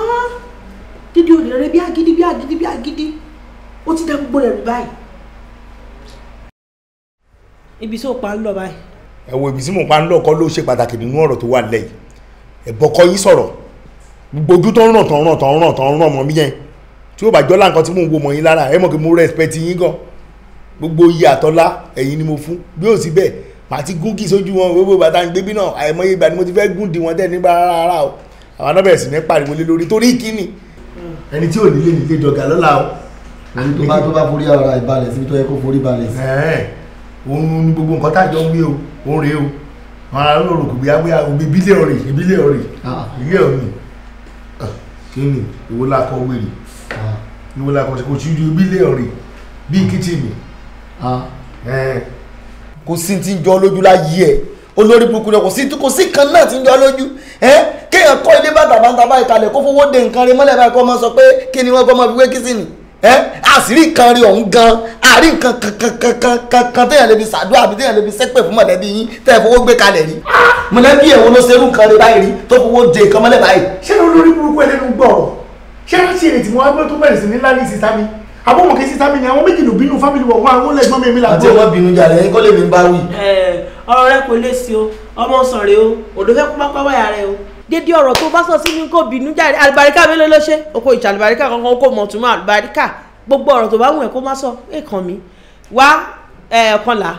ah, dídí òdì rẹ bí agídí bí agídí bí agídí ó ti dá gbogbo rẹ rí báyìí. ibi tó pa ń lọ báyìí ẹ̀wọ̀ ibi tí mò ń pa ń lọ kọ́ ló ṣe pàtàkì nínú ọ̀rọ̀ tó wà lẹ́yìn ẹ̀bọ̀kọ́ yín sọ̀rọ̀ gbogbo ojú tó ń ràn tán ràn tán ràn tán ràn mọ́ mi yẹn tí ó bá jọ́lá nǹkan tí mò ń wo mọ̀ yín lára ẹ mọ̀ kí mo respect yín gan gbogbo iye àtọ́lá ẹ̀yin ni mo fún bí ó sì bẹ́ẹ̀ màá ti gún kí sójú wọn gbogbo bàtà ń gbébí náà àìmọye ìgbà ni mo ti fẹ́ gùn dì wọ́n tẹ̀ nígbà rárá o àwọn anábẹ̀rẹ̀ sì ní pariwo lé lórí torí kíni ẹni tí ò nílé nílé dọ̀gà lọ́la o. ẹni tó bá tó bá forí ara ìbalẹ̀ síbi tó yẹ kó forí balẹ̀ sí. òun ni gbogbo nǹkan tájọ ń wí o ó rèé o àwọn ará lóru kò bíyá bóyá òbí bílẹ̀ ọ̀rẹ́ ìbílẹ̀ ọ̀rẹ́ ilé ọ̀mì kí ni ìwọ lakọ wèrè ah. ìwọ lakọ kò sí ju bílẹ̀ ọ̀rẹ́ bíi kìtìmì. kò sí ti ń jọ lójú láyé ẹ olórí burúkú rẹ kò sí kò sí kan náà ti ń jọ lójú ẹ kéèyàn kọ́ ilé bàtà bàtà báyìí kalẹ̀ kó fowó de nǹkan rẹ mọ́lẹ̀ báyìí kó máa sọ pé kí ni wọ́n kọ́ máa fi wé kí sí ni àṣírí nǹkan rí ọ̀hún gan àrí nǹkan kankankankan téèyàn lè fi ṣàdúrà àbí téèyàn lè fi ṣépè fún mọ̀lẹ́bí yín tẹ́ ẹ fowó gbé kalẹ̀ rí. mọ̀lẹ́bí ẹ̀ wo ló ṣerú nǹkan rí báyìí rí tó fowó jẹ nǹkan mọ́lẹ̀ báyìí. ṣé ló lórí burúkú ẹlẹ́nu gbọ́ ọ ṣé ṣe ètì wọn ẹgbẹ́ tó bẹ̀rẹ̀ sí ní láàrin sísá mi àbọ̀mọ̀ kí sísá mi ni àwọn méjì ló bínú fámìlì wọn wọn dédé ọ̀rọ̀ tó bá sọ sí ní kò bínú jáde àlùbáríkà mélòó ló ṣe o kò ìṣe àlùbáríkà kankan kò mọ̀ túmọ̀ àlùbáríkà gbogbo ọ̀rọ̀ tó bá wù ẹ́ kó má sọ èèkàn mi wá ẹ̀ẹ̀kanlá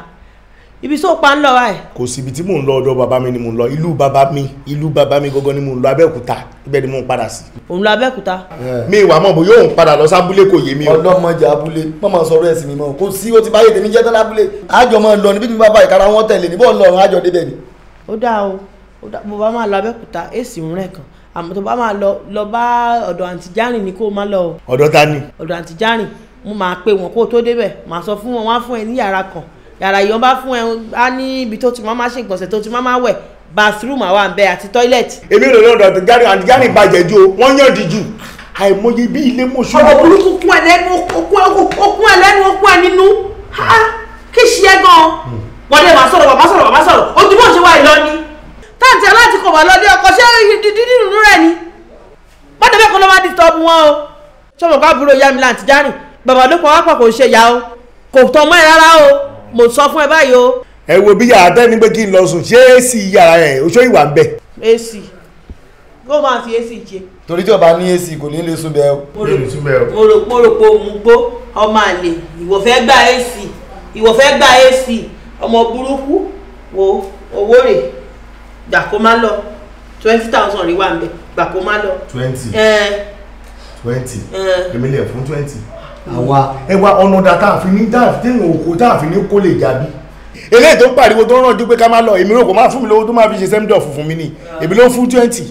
ibi tó pa ń lọ wa ẹ̀. kò síbi tí mò ń lọ ọ̀dọ̀ bàbá mi ni mò ń lọ ìlú bàbá mi ìlú bàbá mi gangan ni mò ń lọ abẹ́òkúta ibẹ̀ ni mò ń padà sí. òun lọ abẹ́òkúta. mi ìwà mọ̀ bó yóò padà lọ sábúlé kò yé mi. ọlọ́mọjà abúlé wọ́n máa sọ̀rọ̀ ẹ̀sìn mi mọ́ kò sí o ti báyé tèmi jẹ́ tán lábúlé àjọ máa ń lọ níbi tí bàbá ìkara wọn tẹ̀lé níbọ̀ ń lọ àjọ débẹ̀ ni. ó dáa o mo bá máa lọ abẹ́òkúta èsì ń rẹ̀ kàn àmọ́ tó bá máa lọ lọ bá ọ̀dọ̀ àǹtí ni kó o máa lọ. ọ̀dọ̀ ta ni. ọ̀dọ̀ àǹtí járìn mo máa pe wọn kó o tó débẹ̀ màá sọ fún wọn wá fún ẹ ní yàrá kan yàrá yìí wọn bá fún ẹ á ní ibi tó ti máa máa ṣe ìgbọ̀nsẹ̀ tó ti máa máa wẹ̀ bathroom àwa ń àti toilet. èmi rẹ̀ lọ́dọ̀ àǹtí járìn àǹtí bàjẹ́ ju wọ́n yàn díjú àìmọye bí ilé mọ̀ṣọ́. ọ̀rọ̀ burúkú kún ẹ lẹ́nu okun ẹ lẹ́nu okun ẹ nínú kí ṣe é gan-an. wọ́n hmm. dé màá sọ̀rọ̀ bàbá sọ̀rọ̀ bàbá sọ̀rọ̀ ojú táǹtì aláàtì kò wà lọ́dẹ ọkọ ṣé dídí nínú rẹ̀ ni bọ́dẹ̀ bẹ́ẹ̀ kó ló má disturb wọn o ṣọmọ kó àbúrò ìyá mi láǹtí járì bàbá ló pọ̀ wá pọ̀ kò ṣe ìyá o kò tọ́ mọ́ ẹ rárá o mo sọ fún ẹ báyìí o. ẹ wo bí yàrá tẹ́ni pé kí n lọ sùn ṣé èsì yàrá ẹ̀ oṣó ìwà ń bẹ̀. èsì kó máa fi èsì jẹ. torí tí o bá ní èsì kò ní lè sùn o. mo rò mo rò pé òun gbó ọmọ àlè ìwọ fẹ́ gba èsì ìwọ fẹ́ ọmọ burúkú wo owó rèé gbà kó má lọ twenty thousand rí wà ń bẹ gbà kó má lọ. twenty twenty èmi lè fún twenty. àwa ẹ wá ọ̀nà ọ̀dà tá a fi ní téèyàn òkú tá a fi ní kó lè jábí. eléyìí tó ń pariwo tó ń rànjú pé ká má lọ èmi rò kó má fún mi lówó tó má fi ṣe sẹ́mídọ̀ fún mi ni ah. èmi ló ń fún twenty.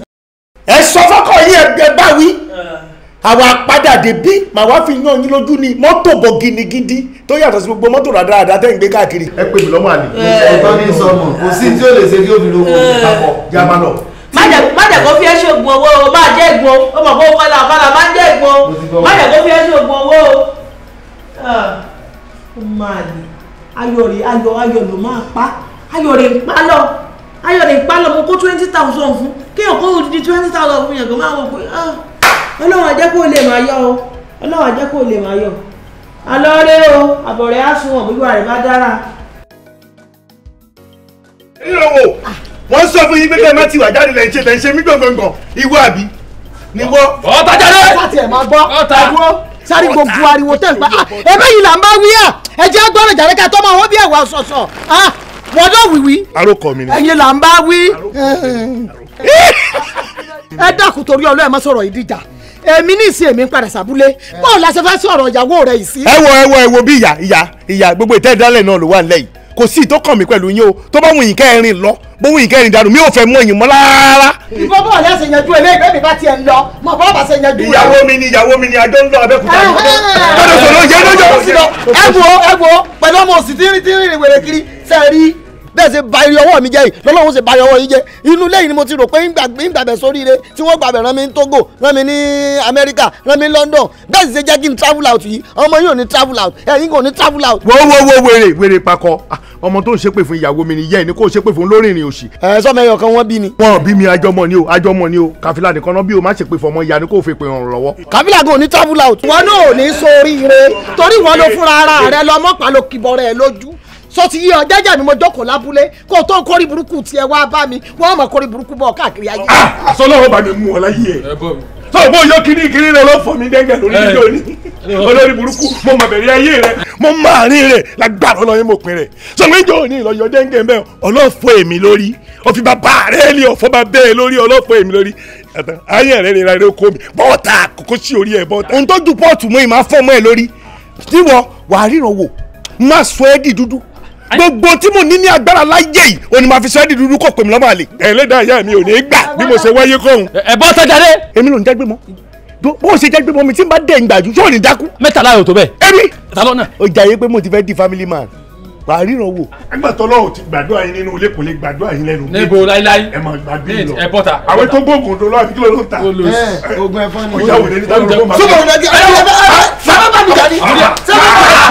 ẹ sọ fọkọ yìí ẹ bá àwa padà débí màá wá fi yan yín lójú ni mọ́tò bọ̀ gidigidi tó yàtọ̀ sí gbogbo mọ́tò rádaràda tẹ́ ń gbé káàkiri. ẹ pè mí lọ́mọ àlè. ẹ tọ́ ní sọmọ kò sí tí ó lè ṣe kí ó fi lówó àpọ̀ jábá lọ. má dẹ̀ kó fi ẹ́ ṣoògùn owó o máa jẹ́ ìgbò ó mọ̀ kó fọlá fọlá máa jẹ́ ìgbò má dẹ̀ kó fi ẹ́ ṣoògùn owó o. ó máa ayọ̀ rẹ̀ ayọ̀ ayọ̀ ló máa pa ayọ̀ rẹ̀ ń pa lọ ayọ̀dẹ̀ ìpalọ̀ mo kó twenty thousand fún kéèyàn kó odidi twenty thousand fún yẹn kó máa wọ pé ah, ọlọ́run àjẹ́ kó lè máa yọ o ọlọ́run àjẹ́ kó lè máa yọ alọ́ọ̀rẹ́ o àbọ̀rẹ́ á sunwọ̀n bí wàrẹ̀ bá dára. ìrọ̀ wo wọ́n sọ fún yín pé kẹ́ẹ̀ má ti wà jáde lẹ́yìn ṣe lẹ́yìn ṣe mí gbọ̀ngbọ̀ngbọ̀ ìwọ àbí ni wọ́. ọ̀tá jáde. ọ̀tá tiẹ̀ máa gbọ́ ọ̀tá sáré gbogbo ariwo tẹ̀ ń pa ah, ẹ̀bẹ̀ yìí là ń bá wí à ah, ẹ̀jẹ̀ agbọ́nrẹ̀jà rẹ̀ ká tọ́ máa wọ́n bí ẹ̀wà sọ̀sọ̀ wọ́dọ̀ wíwí. arókọ mi ni. ẹ̀yin là ń bá wí. ẹ dákun torí ọlọ́ọ̀ ẹ má sọ̀rọ̀ ìdíjà èmi ní ìsìn èmi ń padà sábúlé báwo la ṣe fẹ́ sọ̀rọ̀ ìyàwó rẹ yìí sí. ẹ wo ẹ wo ẹ wo bí ìyá ìyá ìyá gbogbo ìtẹ́ẹ̀dálẹ̀ náà ló wà nílẹ̀ kò sí ìtọ́kàn mi pẹ̀lú yín o tó bá wùyìn kẹrin lọ bó wùyìn kẹrin dànù mi ò fẹ́ mú ẹ̀yìn mọ́ rárá. ìbọn bọ̀ ọ̀lẹ́ ṣe yanjú eléyìí mi bá tiẹ̀ ń lọ mọ̀ bọ́ ṣe yanjú rẹ. ìyàwó mi ni ìyàwó mi ni adó ń lọ abẹ́kúta. Ah, ah, ah. kiri sẹ́ẹ̀rí bẹ́ẹ̀ ṣe ba eré ọwọ́ mi jẹ́ yìí lọ́lọ́run ṣe ba eré ọwọ́ yìí jẹ́ inú lẹ́yìn ni mo ti rò pé ńgbàgbẹ́ sóríire tí wọ́n gbàgbẹ́ rán mi ní Togo rán mi ní Amẹ́ríkà rán mi ní London bẹ́ẹ̀ sì ṣe jẹ́ kí n travel out yìí ọmọ yìí ò ní travel out ẹ̀yin kò ní travel out. wo wo wo wèrè wèrè pakọ ah, ọmọ tó ń ṣépè fún ìyàwó mi nìyẹn ni kò ṣépè fún lórí ìrìn òsì. ẹ sọmọ ẹyọ kan wọn bí ni. wọn bí mi ajọmọ ni o ajọmọ ni o kàfílà nìkan náà bí o má ṣe pé fọmọ ìyá ni kò fi pè ọ̀rọ̀ lọ́wọ́. kàfílà kò ní travel out. wọn náà ò ní sóríire torí wọn ló fúnra ara rẹ lọmọ pàlókìbọ rẹ lójú sọ ti yí ọ jẹ́jẹ́ mi mo jókòó lábúlé kó o tó kórí burúkú tiẹ̀ wá bá mi wọ́n mọ̀ kórí burúkú bọ̀ káàkiri ayé. Ah! sọlọ́wọ́ bá mi mú ọ láyé ẹ̀ sọ bó yọ kiri rẹ lọ fọ mi dẹ́gẹ̀ lórí ìjọ ni olórí burúkú mo mọ̀ bẹ̀rẹ̀ ayé rẹ mo mọ̀ àárín rẹ lágbára ọlọ́yin mo pin rẹ sọ pé ìjọ òní ìlọyọ dẹ́gẹ̀ mẹ́ ọlọ́fọ̀ èmi lórí òfin bàbá rẹ lè ọ̀fọ́ bá bẹ́ẹ̀ lórí ọlọ́fọ̀ èmi lórí ayé rẹ rẹ rẹ kó mi bọ́ọ̀tà kókó sí orí ẹ̀ bọ́ọ̀tà. ohun tó ju pọ́ọ̀tù mọ́ ìmọ̀ afọ́mọ́ ẹ̀ lórí níwọ̀ wàá ríran wò má sọ ẹ́ dì dúdú gbogbo tí mo ní ní agbára láyé yìí òní máa fi sọ ẹ́ di dúdú kò pè mí lọ́mọ àlè. ẹlẹ́dàá ìyá mi ò ní gbà bí mo ṣe wáyé kọ́hún. ẹ bọ́ sọ́jà dé. èmi ló ń jẹ́ gbé mọ́ bó o ṣe jẹ́ gbé mọ́ mi tí n bá dẹ̀ ń gbàjú yóò ní dákú. mẹ́tàlá yóò tó bẹ́ẹ̀. ẹ̀rí. ta lọ́nà. o jà yé pé mo ti fẹ́ di family man wà á ríran wò. ẹgbẹ́ tọ́lọ́ ti gbàdúrà yín nínú ilé kò lè gbàdúrà yín lẹ́nu. níbo láíláí ẹ máa gbàdúrà yín lọ ẹ bọ́ta. àwọn tó gbóògùn tó lọ àbí kíló ló ń ta. ogun ẹ fọ́nì. ọjà wò lẹ́ni táwọn olóńgbò máa. sọ́kò ọ̀nà ẹ ẹ sábà bá mi jáde. sábà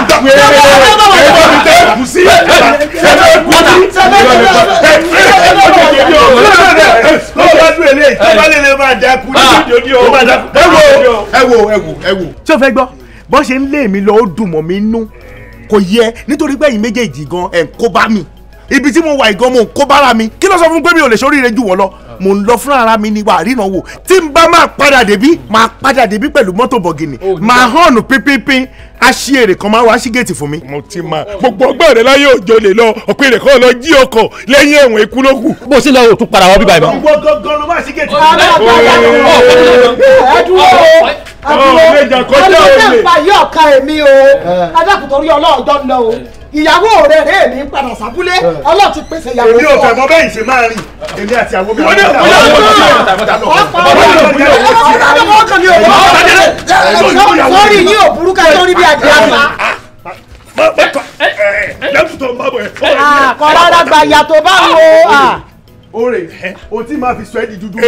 bá mi jáde. sábà bá mi jáde. sábà bá mi jáde. sábà bá mi jáde. sábà bá mi jáde. sábà bá mi jáde. ẹ wo ẹ wo ẹ wo. tí o fẹ́ gbọ́ bó ṣe ń lé mi lọ ó dùn mọ́ mi nú kò yẹ nítorí pé ẹ̀yin méjèèjì gan ẹ̀ kó bá mi ibi tí mo wà ìgan mo ń kó bára mi kí ló sọ fún pé mi ò lè ṣoríire jù wọ́n lọ mo ń lọ fún ara mi ní wàá rí ìnáwó tí n bá máa padà débí máa padà débí pẹ̀lú mọ́tò bọ̀gìnì máa hàn pínpínpín aṣèrè kan máa wá sí géètì fún mi. mo ti ma gbogbo ọgbọ́n rẹ láyé òjò lè lọ ọ̀pẹ rẹ̀ kọ́ lọ jí ọkọ̀ lẹ́yìn ẹ̀wọ̀n ikú ló kù. bó o sì lọ òtún padà wọ bíbá ìbọn. gbogbo gangan ló wá sí géètì. àdúró àdúró àdúró ń pa ìyàwó rẹ rẹ mi padà sábúlé ọlọ́run ti pèsè ìyàwó fún ọ. èmi ò fẹ́ mọ bẹ́ẹ̀ ṣe máa rìn èmi àti àwọn mi. wọ́n ní òkúlẹ̀ ọ̀hún kọ̀rọ̀dà gba ìyàtọ̀ báwo. Ore o ti máa fi sọ ẹ́ di dúdú.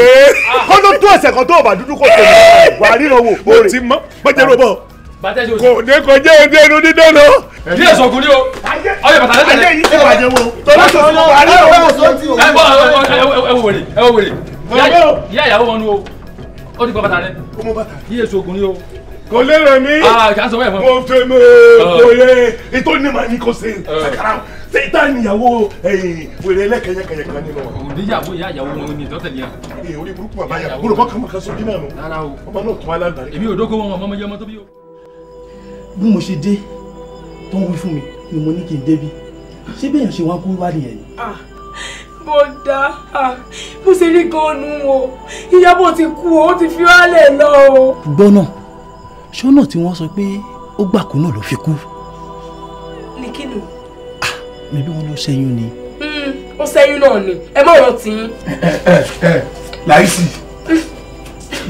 Kọ́ńdọ́ tó ẹ̀sẹ̀ kan tó ọ̀bà dúdú kò tẹ̀lé wà á ríran wò. O ti mọ́ pẹ́jẹ́ robot kò dé kọjá ẹdí ẹnu dídán náà. díẹ̀ sọ̀kùn ni o ọyọ bàtà lẹ́tẹ̀ lẹ́. ayé yìí ti bàjẹ́ wo tọ́lá tó ń bọ̀ àárẹ̀ òun. ẹ bọ́ ẹ wò wèrè ẹ wò wèrè yíyá ìyàwó wọn nu o ó ti gbọ́ bàtà lẹ́. díẹ̀ sọ̀kùn ni o kò lérò mi mo fẹ́ mi kò yẹ ètò ní ma ní kò se sakara sèta níyàwó wèrè lẹ́kẹ̀yẹkẹ̀yẹ kan nínú wa. òdìyàwó ìyá ìyàwó wọn ni dọ́tẹ̀ yẹn. ee orí burúkú bàbá yà bolo bọ́ kàmú kan sójú náà nù. ọmọ náà tún wà lálẹ́. èmi ò dógó wọn ọmọ ọmọ yẹn ọmọ tó bí o bí mo ṣe dé tó ń wí fún mi ni mo ní kí n débi ṣé bẹ́ẹ̀ ṣe wá kúrú wádìí yẹn ni. mo ah, dá ah, mo ṣe rí gan-an nu o ìyàbọ̀ ti kú o ó ti fi wálẹ̀ lọ o. gbọ́nà ṣọ́nà tí wọ́n sọ pé ó gbà kú náà ló fi kú. ní kí ni. Ah, mẹ́bí wọ́n ló ṣẹ́yún ni. Hmm, ó ṣẹ́yún náà ni ẹ má rọ tì í. ẹ eh, ẹ eh, eh, láìsí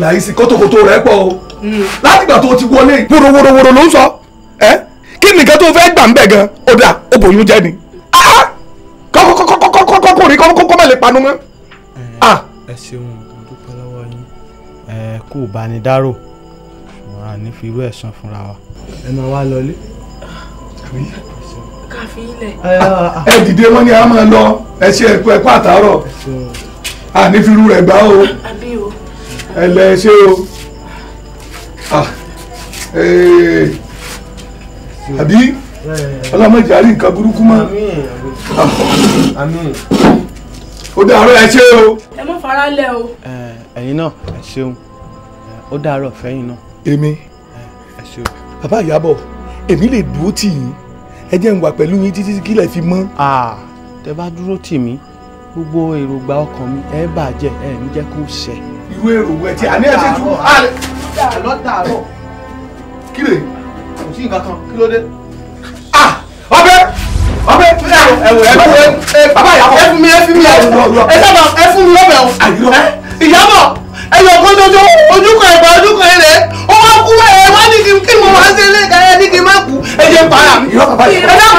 láìsí kótókótó rẹ pọ̀ o látìgbà tó ti wọlé. wòròwòròwòrò ló ń sọ ẹ kí nìkan tó fẹ́ gbà ń bẹ̀ gan ó dà ó bòyún jẹ́ ni. kọ́kọ́kọ́kọ́kọ́kọ́rí kọ́kọ́ mẹ́lẹ̀ panu mọ́. ẹ ṣeun dúpẹ́ lọ́wọ́ yín ẹ kò bá ní dárò ṣùgbọ́n a ní fi irú ẹ̀ san fúnra wa. ẹ máa wá lọlé. káfí ilẹ̀. ẹ dìde wọn ni a máa lọ ẹ ṣe ẹkú ẹkú àtàárọ̀ àní fi irú rẹ̀ gbá o ẹ lẹ ṣe o. Ah, eh, àbí ọlọ́mọdé àrí nǹkan burúkú mọ́ ó dàárọ̀ ẹ ṣé o. ẹ mọ fara lẹ o. Eh, ẹ̀yin náà ẹ ṣeun ó dàárọ̀ fẹ́yìn náà. èmi eh, ẹ ṣeun. bàbá ìyàbọ̀ èmi lè dúró tì yín ẹ jẹ́ ń wà pẹ̀lú yín títí kílẹ̀ fi mọ́. tẹ bá dúró tì mí gbogbo èròǹgbà ọkàn mi ẹ bàjẹ́ ẹ ń jẹ́ kó ṣẹ. irú èrò wẹ̀ tí a ní ẹ̀ ṣe tún dà lọ́dàárọ̀ kí lè kò sí nǹkan kan kí ló dé. ọbẹ̀ ọbẹ̀ ẹ̀wọ̀ ẹ̀wọ̀ bàbá ìyàbọ̀ ẹ fún mi ẹ fún mi ẹ sábà ẹ fún mi lọ́bẹ̀ o. àyùrọ̀ ìyàbọ̀ ẹ yọ kó jọjọ ojúkọ ẹ̀bà ojúkọ ẹ̀rẹ̀ ó wá kú ẹ̀ wá ní kí n máa ṣe lé ẹ̀ ní kí n má kú ẹ jẹ́ para mi. ìrọ̀ bàbá ìyàbọ̀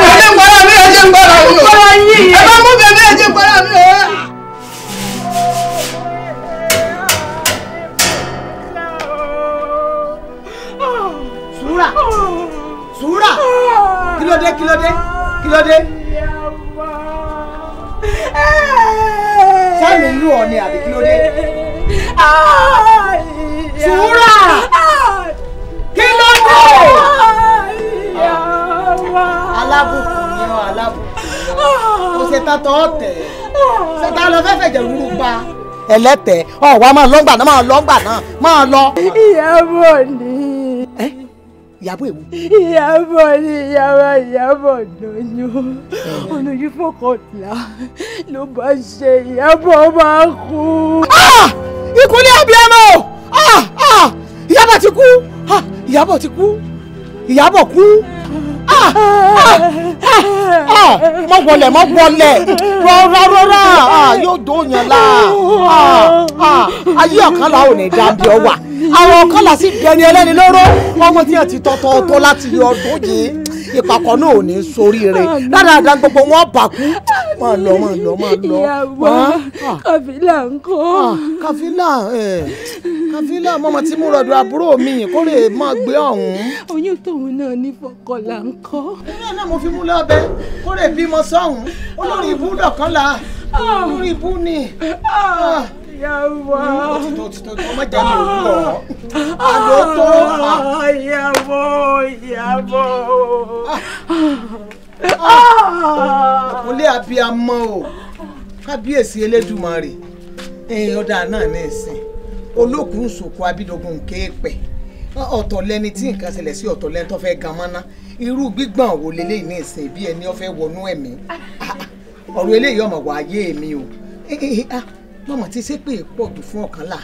ẹlẹ́tẹ̀ẹ́ ọ̀ wá máa lọ́gbà náà máa lọ́gbà náà máa lọ. ìyàbọ̀ ni. ìyàbọ̀ èwo. ìyàbọ̀ ni ìyàwó ìyàbọ̀ lóyún olóyún fọkànlá ló bá ṣe ìyàbọ̀ máa kú. Ah! ikú ní abiyamọ ah! ah! ìyàbọ̀ ti kú ìyàbọ̀ ti kú ìyàbọ̀ kú. Ah, ah, mọ wọlé mọ wọlé rọra rọra ah, yóò dó yàn la ayé ọ̀kan la ò ní dábìí ọ wà àwọn ọ̀kan la sì dẹni ẹlẹ́ni lóró ọmọ tí yẹn ti tọ́tọ́ tó láti ọdún yìí ìpàkọ́ náà ò ní sóríire dáadáa gbogbo wọn bàkú máa lọ máa lọ máa lọ. ìyàwó kàfílà ń kọ́. Ah, kàfílà kàfílà mọ́mọ́ tí mo rọ̀dọ̀ àbúrò mi kórè máa gbé ọ̀hún. oyún tóun náà ní fọkànlá ń kọ́. ilé náà mo fi mú lọ́bẹ̀ kórè bímọ sọ́hún olórí ibú dọ̀kànlá ah. olórí ibú ni ah, ìyàwó. òtítọ́ òtítọ́ ọmọ ìjà mi ò lọ. àlọ́ tó. ìyàwó ìyàwó kúnlé abiyamọ o kábíyèsí elédùmarè ẹ̀yìn ọ̀dà náà ní ìsìn olókùn sòkò abídógún kéèpẹ̀ ọ̀tọ̀ lẹni tí nǹkan ṣẹlẹ̀ sí ọ̀tọ̀ lẹni tó fẹ́ gan mọ́ná irú gbígbọ̀n wo leléyìí ní ìsìn bí ẹni ó fẹ́ wọnú ẹ̀mí ọ̀rọ̀ eléyìí ọmọ wàá yé mi o mọ̀mọ́ ti ṣépè pọ̀ tó fún ọ̀kànlá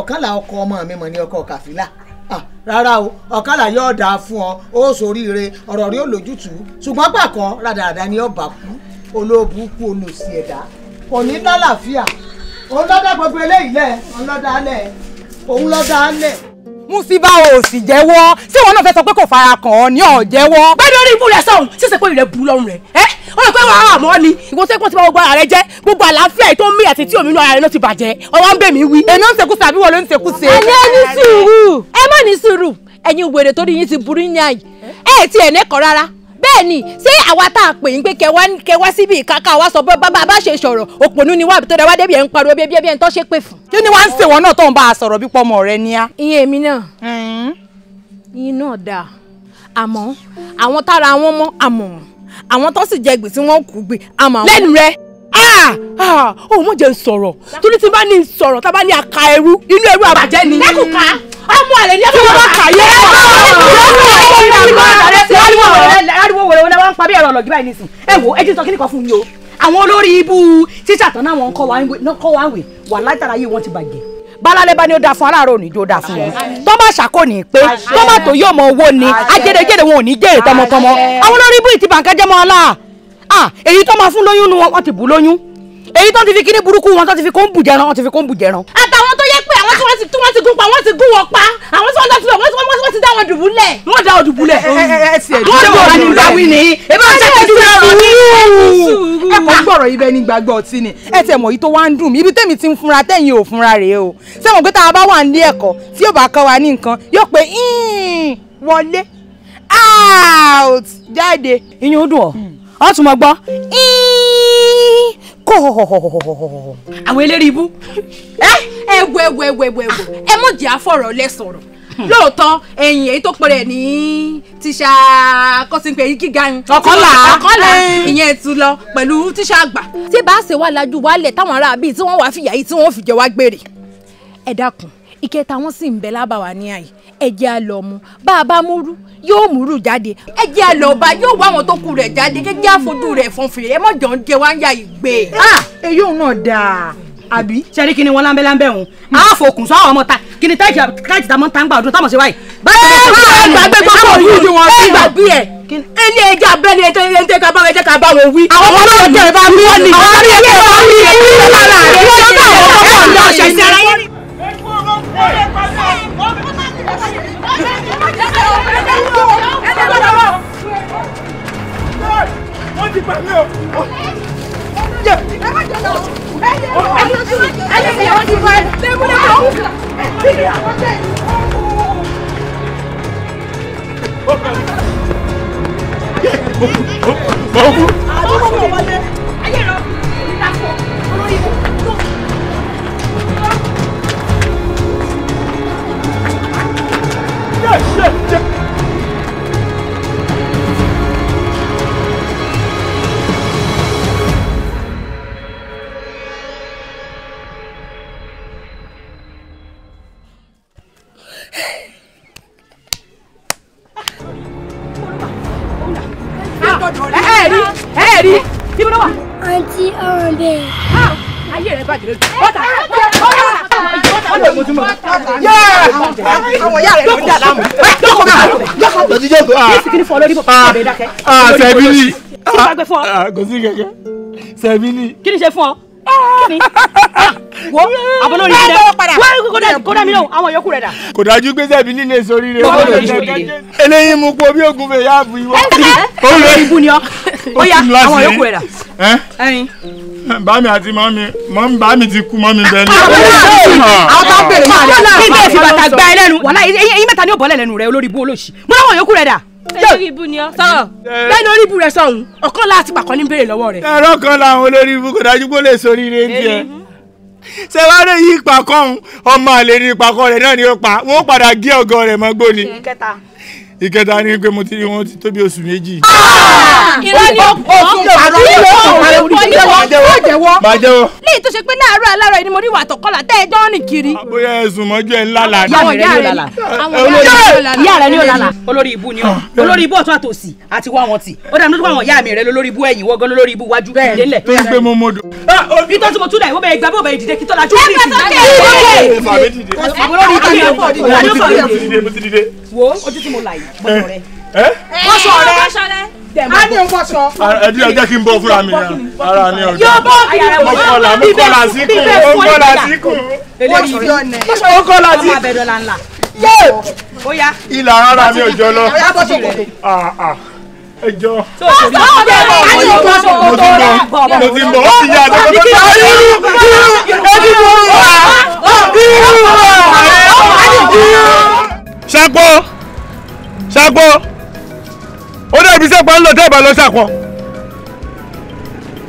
ọ̀kànlá ọkọ ọmọ mi mọ̀ ní ọkọ kàfílà Ah, rárá o ọ̀kadà yóò dà fún ọ ó ṣoríire ọ̀rọ̀ rí olójútùú ṣùgbọ́n pàkan ràdàràdà ni ọba kú olóòbù kú olùsí ẹ̀dá kò ní lálàáfíà òun lọ́dà gbogbo eléyìí lẹ̀ òun lọ́dà lẹ̀ òun lọ́dà lẹ̀. Músíbà ò sì jẹ́wọ́ ṣé wọn náà fẹ́ sọ pé kò fara kàn ọ́ ní ọ̀jẹ́wọ́. bẹ́ẹ̀ ni ó rí ibú rẹ̀ sọ̀hún ṣíṣe pé ìrẹ́ bu lọ́rùn rẹ̀ ẹ́ ó rẹ̀ pé wàá àmọ́ ni ìwọ ti bá gbogbo ara rẹ jẹ́ gbogbo àlàáfíà àti tí òmìnira ara rẹ náà ti bàjẹ́ ọwọ́ ń bẹ̀ mí wí. èmi ń sekú sàbí wọ ló ń sekú se. ẹ ní sùúrù ẹ má ní sùúrù ẹ̀yin wèrè tó ní yín ti burú yín àyè ẹ ti ẹ̀ nẹ́kọ̀ọ́ rárá bẹ́ẹ̀ ni ṣé àwa tá a pè yín pé kẹwà síbi kàkà wa sọ bọ́ bàbá bá ṣe sọ̀rọ̀ òpònú ni wà tó dá wá débi ẹ̀ ń pariwo bí ẹbí ẹ̀ ń tọ́ ṣe pè fún. kí ni wàá ń ṣèwọ náà tó ń bá a sọ̀rọ̀ bí pọ́mọ ó ah, ah, mọ̀ jẹ́ ń sọ̀rọ̀ torí tí n bá ní sọ̀rọ̀ tá a bá ní aka ẹrú inú ẹrú àbàjẹ́ ni. lẹ́kùn ká ọmọ rẹ̀ ní ẹ̀fọ́ wọn kà yẹ. ariwo wèrè wọn wá ń pa bí ẹ̀rọ ọ̀lọ́gí báyìí nísìn ẹ wo ẹjí sọ kí nìkan fún yín o àwọn olórí ibú tíṣà tán náà wọn kọ́ wá ń wè wà látara yìí wọ́n ti bàjẹ́ balalẹ bá ní ó da fún aláàárọ̀ òní jó da fún wọn tọ́mọ̀ ṣàkó ni pé tọ́mọ̀ tó yóò mọ owó ni ajẹ́dẹ́jẹ́dẹ́ wọn ò ní jẹ́ ètò ọmọkọmọ àwọn olórí ibú ìtìbànkẹ́jẹ́mọ́ ọlá ah èyí tó máa fún lóyún nu wọn wọn ti bù lóyún èyí tó ti fi kíní burúkú wọn tó ti fi kó ń bù jẹran wọn ti fi kó ń bù jẹran. àtàwọn tó yẹ pé àwọn tí wọ́n ti tí wọ́n ti gún pa wọ́n ti gún wọn pa àwọn tí wọ́n dá síbẹ̀ wọ́n ti dá wọn dùbúlẹ̀. wọ́n dá wọn dùbúlẹ̀. wọ́n dá wọn dùbúlẹ̀ ni ebi wọn ṣẹ̀ṣẹ̀ ti sọ̀rọ̀ ní ẹ̀kú. ẹ kò gbọ́rọ̀ ibẹ̀ ní gbàgbọ́ ọtí ni ẹ tẹ̀ mọ̀ yìí tó wá ń dùn mí ibi tẹ̀mí ti ń funra tẹ̀yìn ò funra rèé o ṣé mo pé tá a bá wà ní ẹ̀kọ́ tí yóò bá kọ́ wa ní nǹkan yóò pé wọlé out jáde ìyún dùn ọ́ ọ tún mọ gbọ́ kò àwọn eléré ibú ẹwọ ẹwọ ẹwọ ẹwọ ẹwọ ẹ mọ̀ jẹ́ àfọ̀rọ̀ lẹ́sọ̀rọ̀ hmm. lóòótọ́ ẹ̀yìn èyí tó pẹ̀rẹ̀ ní tíṣà kọ́sìnpẹ̀ yìí gíga yín. ọ̀kọ́là ọ̀kọ́là ìyẹn ti lọ pẹ̀lú tíṣà àgbà. tí bá a ṣe wá lajú wálẹ̀ táwọn ará bíi tí wọ́n wàá fìyà yìí tí wọ́n fi jẹ wá gbére. ẹ dákun ìkẹta wọn sì ń bẹ lábàwá ní àyè ẹ̀jẹ̀ àlọ́ mu bá a bá múrú yóò múrú jáde ẹ̀jẹ̀ àlọ́ ọba yóò wá àwọn tó kù rẹ̀ jáde kékeré àfojú rẹ̀ fọn fèrè ẹ mọ̀jọ̀ ń jẹ wá ń yà yìí gbé. èyí ah! òun náà dáa àbí. sẹ́ni kí ni wọ́n lámbẹ́lámbẹ́ òun máa fòkùn sọ́wọ́ ọmọ ta kí ni táyì táyì tá ń gbà ọdún táwọn ṣe wáyé. báyìí báyìí gbàgbé gbogbo yìí ni wọ́n fi gbà bí ẹ̀ ilé ẹja abẹ́ni ẹjẹ́ ẹjẹ́ ká báwọn ẹjẹ́ ká báwọn wí. àwọn ọmọ náà jẹ́ ìbá mi wọ́n ní. àwọn ọmọ náà jẹ́ ìbá mi wọ́n ní wọ́n ti gbà mí o. Oh, àwọn ìyá rẹ̀ ló ń dà láàmú. jókòó jókòó jókòó lọ́jú jókòó. yéé sì kí ni fún ọ lórí bọ̀ ọ̀bẹ dákẹ́. sẹ́bílì kò sí kẹ̀kẹ́ sẹ́bílì. kí ni ṣe fún ọ kí ni wo àbọ̀ lórí ilẹ̀ wọ́n kó dà mí lóhùn àwọn yòókù rẹ̀ dà. kò dájú pé sẹ́bílì lè sórí rẹ̀ wọ́n lè sẹ́bílì. eléyìí mú kú omi ògùn fèyà àbúyí wọ́n. ó lè ibú ni ọ́ ó yá àwọn yòókù ẹ̀dá. bámi ah. àti mọ́mi mọ́mi bámi ti kú mọ́mi bẹ́ẹ̀ ni. àwọn tó ń bèrè máa rẹ̀ kí bẹ́ẹ̀ fi bàtà gba ẹ lẹ́nu wàhálà eyín mẹ́ta ni ó bọ́lẹ̀ lẹ́nu rẹ̀ olórí ibú olóṣì mo láwọn yòókù rẹ̀ dà. olórí ibú ni ọ sọ̀rọ̀. Eh. lẹ́nu olórí ibú rẹ̀ sọ̀hún ọ̀kan láti pàkọ́ ní béèrè lọ́wọ́ rẹ̀. ẹ̀rọ kan làwọn olórí ibú kò dájú kó lè sórí ire díẹ̀ ṣe wá lè yí ìpàkọ́ ọmọ àlè ní ìpàkọ́ rẹ̀ náà ni ó pa wọ́n padà gé ọgọ́ rẹ̀ mọ́gbó ni. kẹta ìkẹta ni pé mo ti rí wọn ti tó bí oṣù méjì. ìrọ̀lẹ́ ọkùnrin àrùn ìlú ọ̀pọ̀lọpọ̀ oníwọ̀ jẹ́wọ́. máa jẹ́wọ́. léyìí tó ṣe pé láàárọ̀ aláàárọ̀ ni mo rí wàtò kọ́là tẹ́ ẹjọ́ rìn kiri. Ah, bóyá ẹ̀sùn mọ́jú ẹ̀ ńlá la. ìyá rẹ ni ó lala. olórí ibu ni ọ ah, olórí ibu ọ̀tún àtòsí àti wá wọn tì ó dàbí lójú àwọn ìyá mi rẹ lórí ibu ẹ̀yìn wọ́gán lórí ibu wájú lélẹ̀. tó ń gbé mo ah, mo dùn. òbí tó ti mo túnra wo ojú mo là yìí bọ́sọ̀ rẹ. bọ́sọ̀ rẹ bọ́sọ̀ rẹ a ní n bọ́sọ̀. ẹdí ọjọ́ kí n bọ́ fúnra mi náà ara ní ọjọ́. yóò bọ́ kí n bọ́ kọ́lá mo kọ́lá sí kù mo kọ́lá sí kù mo kọ́lá sí kù. ilà ara mi ò jọ lọ. ẹjọ́ mo ti bọ̀ mo ti bọ̀ ó ti yá àtọ́kọ́ tó bá irú irú ẹbí mo wà irú wà irú. ṣàpọ̀ ṣàpọ̀ ó dẹ̀bi ṣàpọ̀ ń lọ tẹ́ ìbá lọ ṣàpọ̀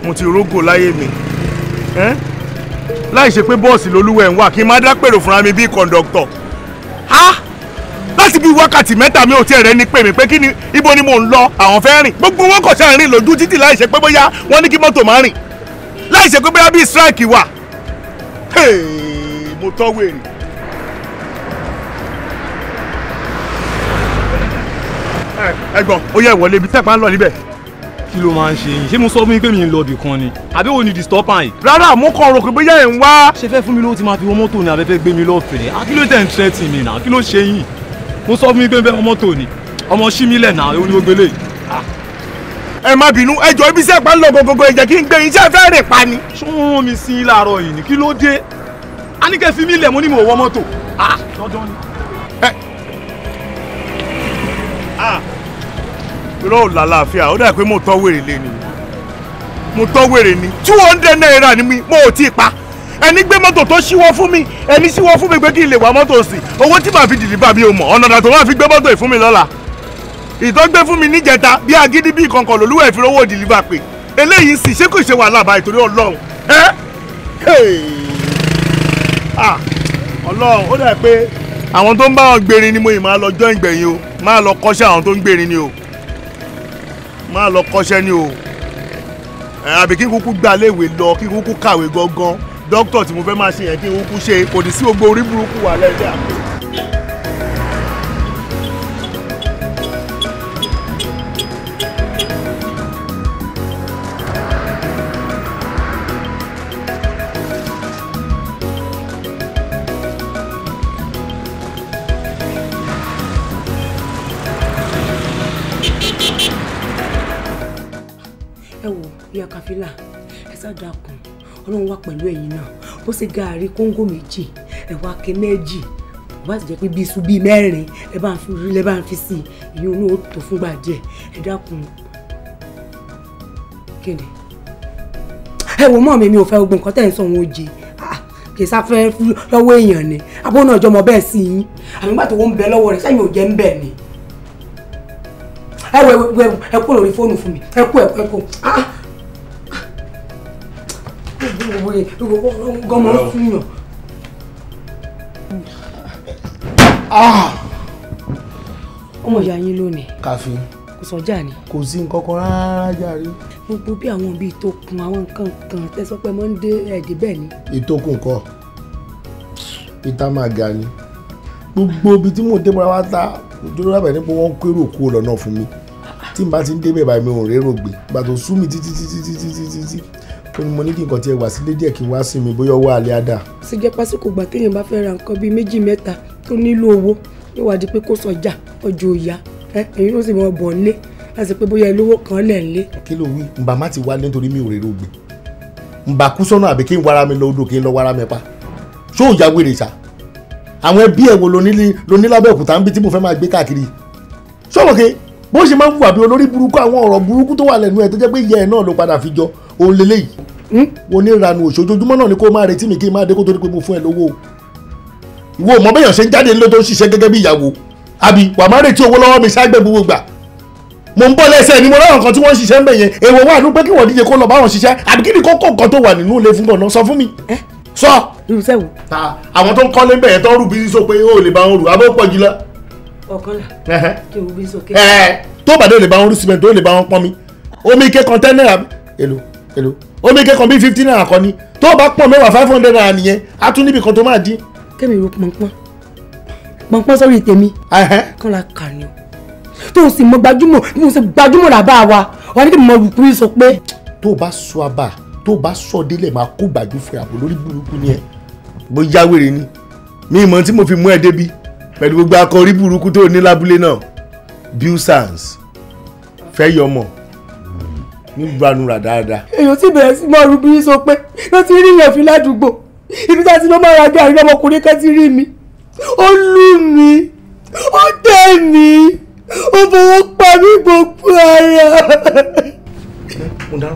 mo ti rógò láyé mi láì ṣe pé bọ́ọ̀sì lolúwẹ̀ ń wà kí n má dápèrò fúnra mi bíi kọ̀ǹdọ̀tọ̀ láti bíi wákàtí mẹ́ta mi ò tiẹ̀ rẹ́ ni pè mí pé kí ni ibo ni mò ń lọ àwọn fẹ́ rìn gbogbo wọn kò ṣe àrìn lójú títì láì ṣe pé bóyá wọ́n ní kí mọ́tò má rìn láì ṣe pé bóyá bíi strike wà mo tọ́ wèrè ẹ̀gbọ́n ó yẹ ìwọlé ibi tẹ́pá ń lọ níbẹ̀. kí ló máa ń ṣe yín ṣé mo sọ fún yín pé mi ń lọ ibì kan ni àbí òun ni disturb yín. rárá mo kàn rò pé bóyá ẹ̀ ń wá. ṣé fẹ́ fún mi lówó tí máa fi wọ mọ́tò ni àbẹ́fẹ́ gbé mi lọ́fẹ̀ẹ́ kí ló tẹ̀ ń tẹ́ tì mí náà kí ló ṣe yín mo sọ fún yín pé bẹ́ẹ̀ mọ́tò ni ọmọ ṣí mi lẹ̀ náà ó ní gbogbo eléyìí ẹ má bínú ẹ jọ ibi iṣẹ́ pa ń lọ gogogo ẹ jẹ́ kí n gbé iṣẹ́ fẹ́ rè pa ni. ṣé wọ́n rán mi sí i láàárọ̀ yìí ni kí ló dé a ní kẹ́ fi mí lẹ̀ mo ní mo wọ mọ́tò. irọ́ ò lálàáfíà ó dà pé mo tọ́ wèrè lé ni mo tọ́ wèrè ni two hundred naira ni mi mo ò tí ì pa ẹni gbé mọ́tò tó ṣíwọ́ fún mi ẹni ṣíwọ́ fún mi pé kí n lè wá mọ́tò sí owó tí màá fi dìlíbà mi ò mọ̀ ọ̀nà tó máa fi gbé mọ́tò ìfún mi lọ́la ìtọ́gbé fún mi níjẹta bí agídí bí kankan lòlúwẹ̀ fi rówó dìlíbà pé eléyìí sì ṣé kò ṣe wàhálà báyìí torí ọlọ́run ẹ́ ọlọ́run ó dà pé àwọn tó ń bá wọn gbèrin ni mo ì máa lọ jọ́ ìgbẹ̀yìn o máa lọ kọ́ṣẹ́ àwọn tó ń gbèrin ni o máa lọ kọ́ṣẹ́ ni o àbí kí n kúkú gba iléèwé lọ kí n kúkú kàwé gangan dókítà tí mo fẹ́ máa ṣe yẹn kí n kúkú ṣe kò ní sí gbogbo orí burúkú wà lẹ́yìn àpò. fìlà ẹ sá dákun ọlọ́run wà pẹ̀lú ẹ̀yin náà ó sì gààrí kóńgò méjì ẹ̀wà ké méjì bá sì jẹ́ pé bíi iṣu bíi mẹ́rin ẹ bá ń fi rí lẹ ń fi sí ìyẹn olóò tó fúngbà díẹ̀ ẹ dákun kéde ẹ wò mọ́ mi mi ò fẹ́ gbogbo nǹkan ń sọ òun òjì ah, kì í sáfẹ́ lọ́wọ́ èèyàn ni abó náà jọmọ bẹ́ẹ̀ sí yín àmì nígbà tó ń bẹ lọ́wọ́ rẹ̀ sẹ́yìn ò jẹ́ ń bẹ̀ ni ẹ wò ẹ kú lórí fóònù fún mi ẹ kú ẹ kú ẹ kú ah gbogbo yẹn gbogbo gọmọ ń ọmọ ìyá yín lónìí. káfí. kò sọjà ni. kò sí nǹkan kan rárá járe. gbogbo bí àwọn bíi ìtòkùn àwọn nǹkan kan tẹsán pé máa ń dé ẹ̀dí bẹ́ẹ̀ ni. ìtòkùn kọ ìta máa ga ni gbogbo ibi tí mò ń débọ̀ra wá ta ìjọba lábẹ́ nípa wọn kó èrò kó lọ́nà fún mi tí n bá ti ń débẹ̀ báyìí mi ò rérò gbé gbàtò sú mi títí títí títí títí ó ní mo ní kí nǹkan tiẹ̀ wá sílé díẹ̀ kí n wá sí mi bóyá ọwọ́ alẹ́ á dà. sì jẹ́ pásíkò gbà téèyàn bá fẹ́ ra nǹkan bíi méjì mẹ́ta tó nílò owó yóò wá di pé kó sọjà ọjọ́ òya èyí ló sì mọ bọ̀ ń láti pé bóyá olówó kan lẹ̀ ń kí ló wí nbà má ti wálé nítorí mi ò rèrè ògbìn nbà kú sọ́nà àbí kí n wara mi lọ odò kí n lọ wara mi pa ṣó òjà wèrè sá àwọn ẹbí ẹ̀ wo lonílábẹ́ òkúta ń bí tí mo fẹ́ máa gbé káàkiri sọ̀rọ̀ ke bó ṣe máa ń wà wo hmm? ní ìranù òṣòjojúmọ́ náà ni kó máa retí mi kí n máa dé kó tó di pé mo fún ẹ lówó ìwọ mọ bẹ́yàn ṣe ń jáde ńlọ tó ń ṣiṣẹ́ gẹ́gẹ́ bí ìyàwó àbí wàá má retí owó lọ́wọ́ mi ṣáàgbẹ̀ gbogbo gbà mo ń bọ́ lẹ́sẹ̀ ni mo ráwọn kan tí wọ́n ń ṣiṣẹ́ ń bẹ̀ yẹn èèwọ̀ wà ní pé kí wọ́n díje kó lọ báwọn ṣiṣẹ́ àbí kí ni kókó nǹkan tó wà nínú ilé fún gbọ̀nà sọ fún mi. sọ. irú sẹ́wọ̀n. ta àwọn tó ń kọ́lé bẹ̀yẹn tó ń rú bísí sópe ó lè bá wọn rù abẹ́ ó pọ̀ jù lọ. ọ̀kànlá kí n rú bísí sókè. tó bàdé ó lè bá wọn rú símẹ́ntì ó lè bá wọn pọ́nmi omi ike kọ́ńtẹ́nà èlò èlò ó mi kẹ́kọ̀ọ́ bí fifteen naira kọ́ ni tó o bá pọ̀ mẹ́wàá five hundred naira nìyẹn á tún níbi kan tó máa dín. kẹ́mi ro pọ̀npọ́n pọ̀npọ́n sórí tèmi kọ́ la kà ni o tó o sì mọ gbajúmọ̀ bí mo ṣe gbajúmọ̀ rà wa wà ní kí mo rù kúrú sọ pé. tó o bá sọ abà tó o bá sọ délẹ̀ máa kó gbàjú fún ìyàwó lórí burúkú ni ẹ bó yáwèrè ni mi ìmọ̀ tí mo fi mú ẹ débi pẹ̀lú gbogbo akọ burúkú tó o ní lábúlé náà bill sands fẹ́ yọmọ ní gbanura dáadáa. èèyàn sì bẹ̀rẹ̀ sí máa rúbí sọ pé ló ti rí yàn fi ládùúgbò ibi tá a ti lọ máa ra gàrí lọmọkùnrin kan ti rí mi ó lù mí ó tẹ̀ mí ó fọwọ́ pa mí gbogbo ara. mo dárò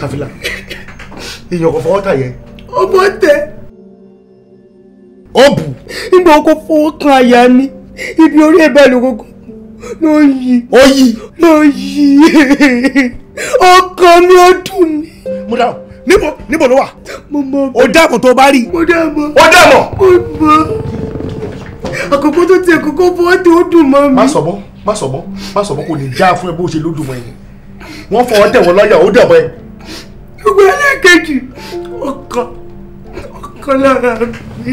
káfílà èèyàn kò fọwọ́ tà yẹn. ọmọ tẹ. ó bù. nígbà kó fọwọ́ kan àyà mi ibi orí ẹ̀bẹ̀ ló gbogbo ló ó yí. ló yí. *laughs* ọkàn mi ò dùn mí. mo dáhùn níbo níbo ló wà. mo mọ bẹ́ẹ̀ o dáàbò tó o bá rí. mo dáàbò. o dáàbò. mo mọ àkókò tó tiẹ̀ kókó fọ́ tí ó dùn mọ́ mi. má sọ bọ́ má sọ bọ́ má sọ bọ́ kò lè já fún ẹ bó ṣe ló dùn mọ́ ẹ wọ́n fọwọ́ tẹ̀ wọ́n lọ́yà ó dọ̀bọ̀ ẹ. ìgbà ẹlẹ́kejì ọkàn ọkàn lára mi.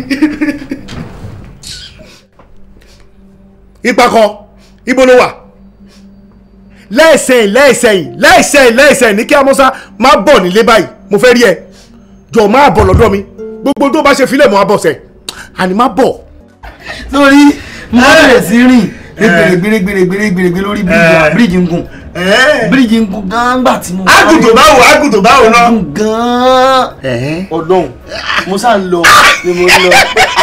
ipa kan ibo ló wà lẹ́ẹ̀sẹ̀yìn lẹ́ẹ̀sẹ̀yìn lẹ́ẹ̀sẹ̀yìn lẹ́ẹ̀sẹ̀yìn ní kí amọ́sá má bọ̀ nílé báyìí mo fẹ́ rí ẹ jọ má bọ̀ lọ́dọ̀ mi gbogbo tó bá ṣe filẹ̀ mọ́ abọ̀sẹ̀ àní má bọ̀. lórí mo eh. bẹ̀rẹ̀ sí rìn eh. gbèrègbèrègbèrègbèrègbèrègbè lórí bíríìjì eh. ń gùn bíríìjì ń gùn gan gbà tí mo. àgùntàn báwo àgùntàn báwo náà. ń gùn gan. ọ̀dọ́n mo sá ń lọ ni mo lọ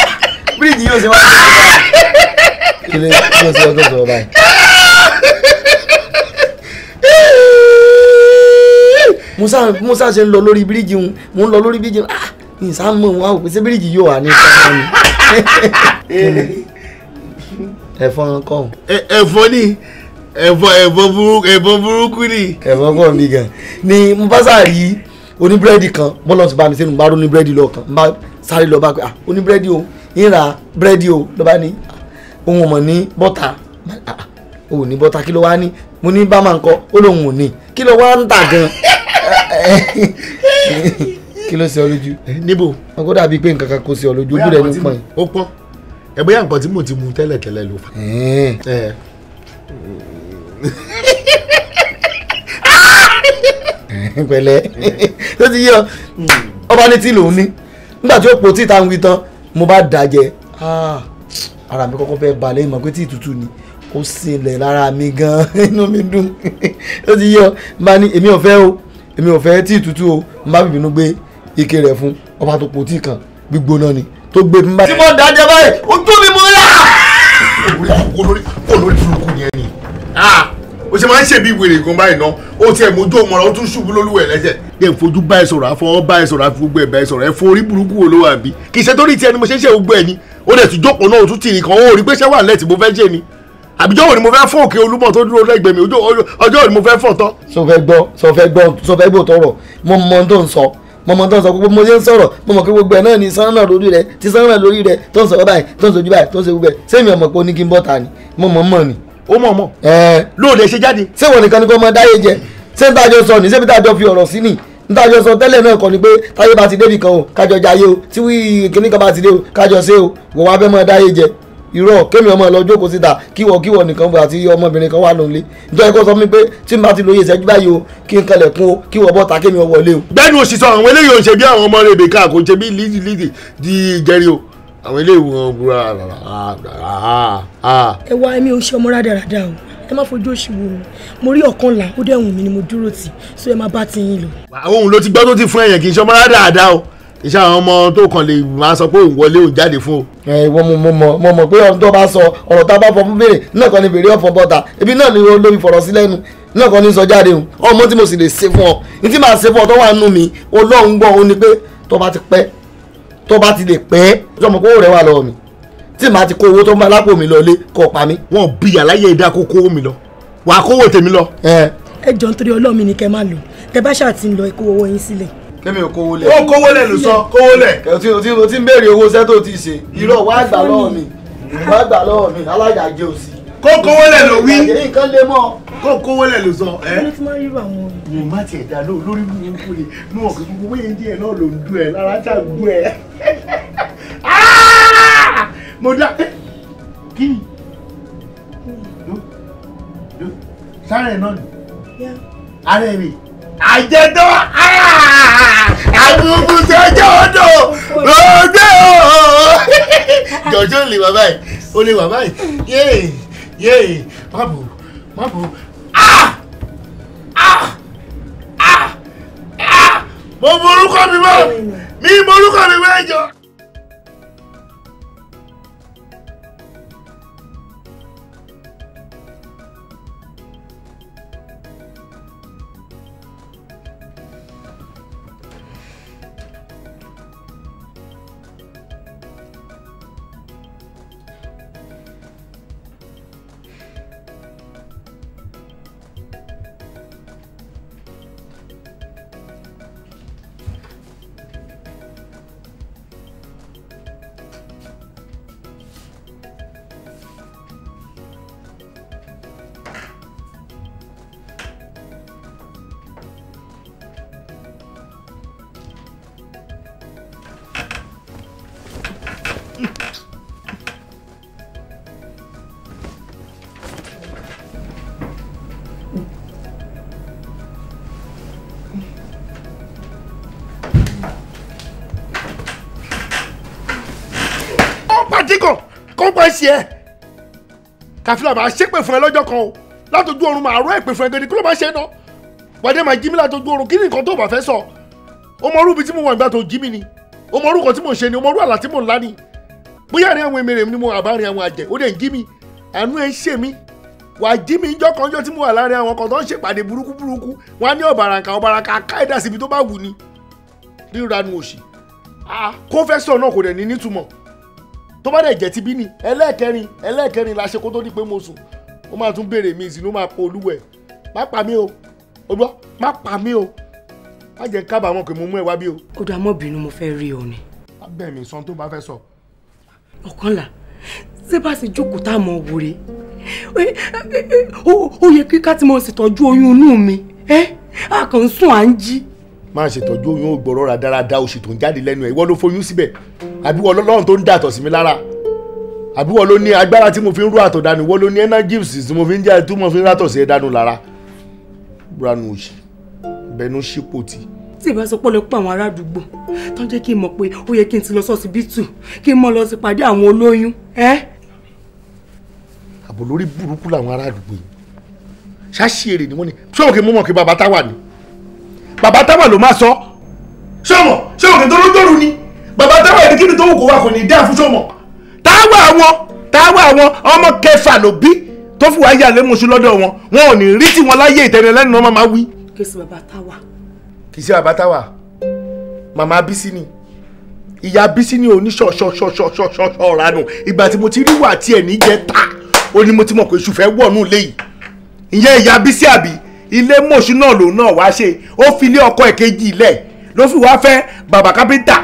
*laughs* bíríìjì yóò ṣe wá. kí ló ń sọ ọdún sọ báyìí. musa musa ṣe ń lọ lórí bíríìjì ń mò ń lọ lórí bíríìjì ń ah nǹsan mọ̀ wá òpin sí bíríìjì yóò wà ní sọ́kàn *laughs* ni. ẹ̀fọn kọ́. ẹ̀fọn ni ẹ̀fọn ẹ̀fọn burúkú ẹ̀fọn burúkú ni. ẹ̀fọn kọ́ mi gan ni mo bá sàrí oníbírẹ́dì kan bọ́lá ti bá mi sínú bá rún oníbírẹ́dì lọ́ọ̀kan bá sáré lọ́ọ́ bá pé ah oníbírẹ́dì o ìra bírẹ́dì o lọ́ba ni ah, òun ò mọ̀ ní bọ́tà ah, òun ní bọ́tà kí ló wá ní mo ní bá máa ń kọ́ ó lóun ò ní kí ló wá ń tà gan-an kí ló ṣe ọ lójú. Eh, níbo. wọn kó dàbí pé nǹkan kan kó ṣe ọ lójú ojú rẹ ní pọn. ó pọn ẹ bóyá nǹkan tí mo ti mu tẹ́lẹ̀ tẹ́lẹ̀ ló fà. Eh. pẹ̀lẹ́ tó ti yí ọ hmm. ọba ní tí lòun ní nígbà tí ó po títa ń wí tán mo bá dàjẹ́ ah, ara mi kọ́kọ́ fẹ́ balẹ̀ ìmọ̀ pé tí ìtútù ni ó ṣẹlẹ̀ lára mi gan-an *laughs* inú mi dùn tó ti yí ọ bá ní èmi ò fẹ́ o èmi ò fẹ́ tí tútù o n bá bìbínú gbé ike rẹ̀ fún ọba tó po tí kan gbígbóná ni tó gbé mi báyìí. tí mo dájẹ́ báyìí ojú mi mo rà. olórí olórí burúkú yẹn ni o ah! ṣe máa ń ṣe bí wèrè gan báyìí ná o tiẹ̀ mójú ọmọ rẹ o tún ṣubú lólúwẹ̀ lẹ́sẹ̀. ẹ fojú bá ẹ sọ̀rọ̀ àfọwọ́ bá ẹ sọ̀rọ̀ àfi gbogbo ẹ̀ bá ẹ sọ̀rọ̀ ẹ forí burúkú wo ló wà bí kì í ṣe torí tiẹ̀ ni mo ṣe ń ṣe gbogbo ẹ̀ ni o dẹ̀ tún jókòó náà o tún tìrì kan o rí pé ṣẹ́ wà lẹ́ẹ̀tì mo fẹ́ ṣe ni àbíjọ́ wo ni mo fẹ́ fọ́ òkè olúmọ tó dúró lẹ́gbẹ̀ẹ́ mi ọjọ́ wo ni mo fẹ́ fọ́ tán. sọ fẹ́ gbọ́ sọ fẹ́ gbọ́ so fẹ́ gbọ́ tọrọ mo mọ tó ń sọ mo mọ tó ń sọ gbogbo mo ṣe ń sọ̀rọ̀ mo mọ pé gbogbo ẹ̀ náà ni sanra lórí rẹ ti sanra lórí rẹ tó ń sọ báyìí tó ń sojú báyìí tó ń ṣe gbogbo ẹ̀ sẹ́mi ọmọ pé oníkí ń bọ̀ ta ni mo mọ̀ mọ̀ ni. ó mọ̀ mọ̀ lóòdì ṣe jáde. ṣé wọn nìkan ni kò mọ dáyé jẹ ṣé ntájọ sọ ni ṣé bí tájọ fi ọ̀rọ̀ sí ni ntájọ sọ tẹ́lẹ̀ náà kọ́ ni pé táyé bá ti débì kan o kájọ jayé o tí kíní kan bá ti dé o kájọ ṣe o wọ́n wá fẹ́ mọ dáyé jẹ irọ́ kémi ọmọ lọ jókòó síta kíwọ kíwọ nìkan bọ̀ àti ọmọbìnrin kan wà lónìí nítorí kó sọ mi pé tí n bá ti lóye ìṣẹ́jú báyìí o kí n kalẹ̀ kún o kíwọ bọ́ta kémi ọ wọlé o. bẹ́ẹ̀ni òṣìṣẹ́ àwọn eléyìí ò ń ṣe bí àwọn ọmọ rèébè ká kò ń ṣe bí lídì lídì di jẹrí o àwọn eléyìí wọn búra rárá. ẹ wá èmi ò ṣe ọmọ rádaràda o ẹ má fojú òṣì wo mi mo rí ọ̀kan là ó dẹ̀ wùn mí ni mo dúró tì so ẹ má bá ti yín lọ. àwọn òun ló ti gbọ́ tó ti fún ẹ̀yàn kì í ṣọmọ rádaràda o iṣẹ́ àwọn ọmọ tó kàn lè máa sọ pé òun wọlé òun jáde fún o. ẹ ìwọ mo mọ mo mọ pé ọdún tó bá sọ ọ̀rọ̀ tá a bá fọ fún béèrè náà kàn ní béèrè ọ̀fọ̀ bọ́ta ibi náà ni olórí fọ̀rọ̀ sí lẹ́nu náà kàn ní sọ jáde o ọmọ tí mo sì lè ṣe fún ọ ní tí màá ṣe fún ọ tó wà nù mí Ọlọ́run gbọ́ ọ ni pé tó bá ti pẹ́ tó bá ti lè pẹ́ sọmọ kó rẹ̀ wà lọ́wọ́ mi tí màá ti kó owó tó ń bá lápò mi lọ lé kó pa mí. wọn bí àlàyé ìdá kó kó mi lọ wàá kówó tèmi lọ. ẹ jọ nítorí Ọlọ́run mi ni kẹ́ máa lò tẹ bá ṣáà ti ń lọ ẹ kó owó yín sílẹ̀ kémi ò kówó lẹ̀. ó kówó lẹ̀ ló sọ kówó lẹ̀. o ti o ti o ti ń béèrè owó sẹ́tò tí ì ṣe irọ́ wàá gbà lọ́wọ́ mi wàá gbà lọ́wọ́ mi alájà jẹ́ òsì. kó kówó lẹ̀ ló wí. nǹkan lè mọ́. kó kówó lẹ̀ ló sọ. ẹ mo má tiẹ̀ dá lóò lórí mi ń kúrè mo kò gbogbo wéyé díẹ̀ náà ló ń dún ẹ lára tá a gbó ẹ. mo dá kí ni sáré náà ni ara ẹ̀ àjẹdán àbùkù sẹjọ odò òde o jọjọ lè wà báyìí o lè wà báyìí yéè yéè má bò má ah ah ah ah mo borúkọ mi mọ mi borúkọ mi mọ ẹjọ. ṣe ẹ kàfílà máa fún ẹ lọ́jọ́ kan o látọjú oorun máa rọ èpè fún ẹ gidi kí ló máa ṣe náà wàdé máa jí mi látọjú oorun kí ni nǹkan tó bá fẹ́ sọ o mọ tí mo wà nígbà tó jí mi ni o mọ tí mo ṣe ni o orú àlá tí mo ń ni bóyá àárín àwọn emèrè ni mo wà bá rìn àwọn àjẹ́ ó dẹ̀ ń jí mi àánú ẹ̀ ń ṣe mí wà á jí mi ńjọ́ kan jọ́ tí mo wà láàrin àwọn kan tó ń ṣèpàdé burúkú burúkú wọn á ní ọ̀bàràǹkà ọ̀bàràǹkà káyọ̀dá síbi tó bá wù ni ríranu òṣì kó fẹ́ sọ náà kò dẹ̀ ní nítumọ̀ tó bá dẹ̀ jẹ́ ti bí ni ẹlẹ́ẹ̀kẹrin ẹlẹ́ẹ̀kẹrin la ṣe kó tó di pé mo sùn ó máa tún béèrè mi ìsìn ló máa pa olúwẹ̀ má pa mí o olúwa má pa mí o má jẹ́ kábàámọ̀ pé mo mú ẹ wá bí o. ó dá mọ́ bínú mo fẹ́ rí ọ ni. abẹ́ mi sọ tó bá fẹ́ sọ ọ̀kànlá ṣé bá ṣe jókòó tá a mọ̀ wòre ó yẹ kí ká ti mọ̀ ṣètọ́jú oyún inú mi a kàn ń sùn à ń jí. máa ṣètọ́jú oyún ògbọ́rọ̀ rádaràda oṣù tó ń jáde lẹ́nu ẹ̀ ìwọ ló foyún síbẹ̀ àbí wọ́n lọ́rùn tó ń dàtọ̀ sí mi lára àbí wọ́n ló ní agbára tí mo fi ń rú àtọ̀ dànù wọ́n ló ní energies tí mo fi ń jẹ́ tí mo fi ń rátọ̀ sí ẹ dànù lára. branu bẹnu sípò tí tí ìbá sọ pọ̀lọpọ̀ àwọn ará àdúgbò tó ń jẹ́ kí n mọ̀ pé ó yẹ kí n ti lọ sọ́sibítù kí n mọ̀ lọ sí pàdé àwọn olóyún. àbò lórí burúkú làwọn ará àdúgbò yìí ṣáṣì èrè ni wọ́n ní ṣọ́wọ́n kí n mọ̀ kí bàbá táwa ni bàbá táwa ló máa sọ ṣọ́mọ̀ ṣọ́wọ́n kí n tó ló dọ́rù ni bàbá táwa yìí kíni tó wù kó wà kò ní dá fún ṣọ́mọ̀. táwa àwọn táwa àwọn ọmọ kẹfà ló bí tó fi wáyé àlémùsùn lọ́dọ̀ kì í ṣe àbátáwà màmá bísí ni ìyá bísí ni oníṣọ̀ṣọ̀ṣọ̀ṣọ̀ṣọ̀ ọ̀ranù ìgbà tí mo ti rí wà tí ẹ̀ níjẹ́ ta ó ní mo ti mọ̀ pé oṣù fẹ́ wọ̀nù léyìí ìyẹn ìyá bísí àbí ilé mọ̀ṣú náà lòun náà wá ṣe ó fi ilé ọkọ ẹ̀kejì ilẹ̀ ló fi wá fẹ́ bàbá kápẹ́ńtà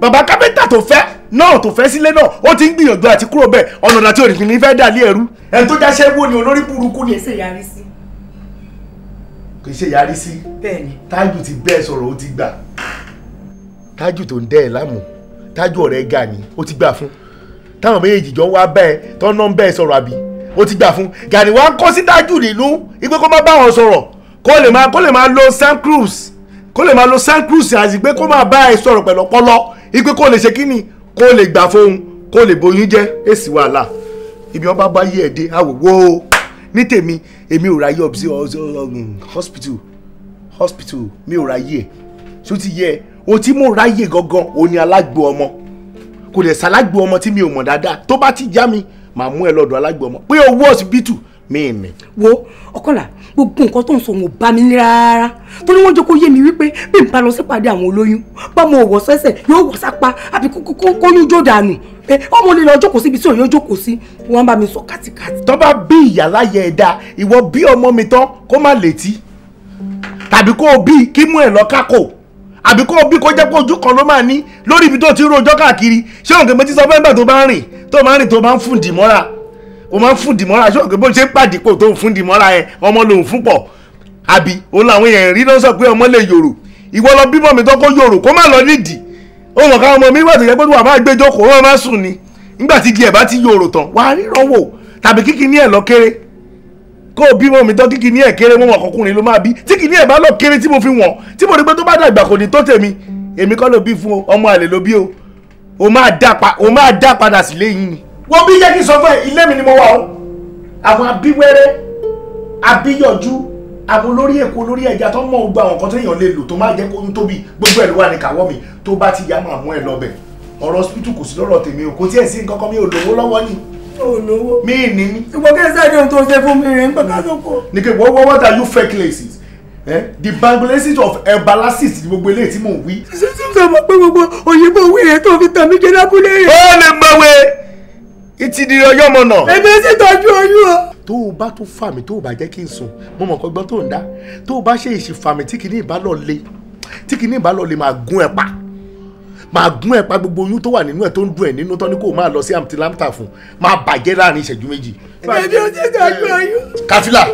bàbá kápẹ́ńtà tó fẹ́ náà tó fẹ́ sílé náà ó ti ń gbìyànjú àti kúrò bẹ́ẹ̀ ọ̀nà àti òrìkì fẹ́ dà lé ẹ̀rú ẹni tó jáṣẹ́ wò ni olórí burúkú ni. ẹsẹ̀ yarí sí i kì í ṣe yarí sí. bẹ́ẹ̀ni. tájù ti bẹ́ẹ̀ sọ̀rọ̀ ó ti gbà. tájù tó ń dẹ́ ẹ̀ láàmú tájù ọ̀rẹ́ ga ni ó ti gbà fún táwọn méjèèjì jọ ń wá bẹ́ẹ̀ tọ́nà ń bẹ́ẹ̀ sọ̀rọ̀ àbí ó ti gbà fún gani wàá kọ́ sí tájù nínú ipe kó má bá wọn sọ̀rọ̀ kó lè máa kó lè máa lo sand cruise kó lè máa lo sand cruise àti pé kó máa bá ẹ sọ̀rọ̀ pẹ̀lú ọpọlọ ipe kó lè ṣe kí ni kó lè gbà fóun kó lè boyún jẹ́ èsì wàhálà ibi wọn bá bá yí ẹ̀ dé àwòwò o ní tèmi èmi ò ráyè ọbísí um, hospital hospital mi ò ráyè ẹ ṣó ti yẹ o tí mo ráyè gangan o ní alágbo ọmọ kò dẹ̀ sálágbo ọmọ tí mi ò mọ̀ dáadáa tó bá ti já mi màá mú ẹ lọ́dọ̀ alágbo ọmọ pé owó ọsibítù mí wo ọkọlá gbogbo nǹkan tó ń sọ wọn ò bá mi ní rárá torí wọn jẹ kó yé mi wípé bí n bá lọ sípàdé àwọn olóyún bá mo wọ sẹsẹ yóò wọ sápá àbí kóyún jó dànù pé ọmọ lè lọ jókòó síbi tí òun yóò jókòó sí wọn bá mi sọ kátikáti. tó bá bí ìyá láyé ẹ̀dá ìwọ bí ọmọ mi tán kó má létí tàbí kó o bí kí mú ẹ lọ kákò àbí kó o bí kó jẹ́ pé ojú kan ló máa ní lórí ibi tó ti rojọ́ káàkiri ṣé òǹkè mi ti sọ fẹ́ẹ́ bẹ̀ tó bá ń rìn tó máa ń rìn tó máa ń fún dì o máa ń fún dìmọ́ra ṣé òkè bó ṣe ń pàdípò tó ń fún dìmọ́ra ẹ ọmọ lòun fún pọ̀ àbí òun làwọn èèyàn rí lọ́sọ̀ pé ọmọ lè yòrò ìwọ lọ bímọ mi tọ́kọ́ yòrò kó má lọ nídìí òun ọ̀ka ọmọ mi wà tó yẹ pé wà máa gbẹjọ kó wọ́n máa sùn ni nígbà tí díẹ̀ bá ti yòrò tán wàá rírọ̀ wò tàbí kíkiní ẹ̀ lọ kéré kó o bímọ mi tán kíkiní ẹ̀ kéré mọ́ ọkọkùnrin ló máa bí tí kíkiní ẹ̀ bá lọ kéré tí mo fi wọ̀n tí mo rí pé tó bá dàgbà kò ní tó tèmi èmi kọ́ ló bí fún ọmọ àlè ló bí o o máa dá padà sílé yín ni wọ́n bí jẹ́ kí n sọ fún ẹ ilé mi ni mo wà o àwọn abíwẹ́rẹ́ abíyọ̀jú àwọn olórí èkó olórí ẹja tó mọ gbogbo àwọn kan tó èèyàn lè lò tó má jẹ́ kó ń tóbi gbogbo ẹ̀ ló wà ní kàwọ́ mi tó bá ti yá máa mú ẹ lọ́bẹ̀ ọ̀rọ̀ hospital kò sí lọ́rọ̀ tèmi o kò tiẹ̀ sí nǹkan kan mi ò lówó lọ́wọ́ ni. olówó mi ní ní. ìwọ kí ẹ sáré ohun tó ṣe fún mi rẹ ń gbọ́dọ̀ sọ́kọ. ní kí wọ́n wọ́n ta you fake laces eh? the bangladesh of herbalasis ni gbogbo eléyìí tí mò ń wí. sísè sísè mọ̀ pé gbogbo òyìnbó wí rẹ̀ tó fi tàn mí jẹ́ lábúlé ó lè mọ̀wé ìtìdí ọyọ́ mọ̀ náà. èmi sì tọ́jú oyún o. tó o bá tún fà mí tó o bá jẹ́ kí n sùn mo mọ̀ kọ́ gbọ́n tó ń dá tó o bá ṣe ìṣìfà mí tí kìíní ìbálò le tí kìíní ìbálò le máa gún ẹ pa máa gún ẹ pa gbogbo oyún tó wà nínú ẹ tó ń dùn ẹ nínú tán ni kó o máa lọ sí amtilamta fún máa bàjẹ́ láàrin ìṣẹ́jú méjì. èmi sì tọ́jú oyún. kàfílà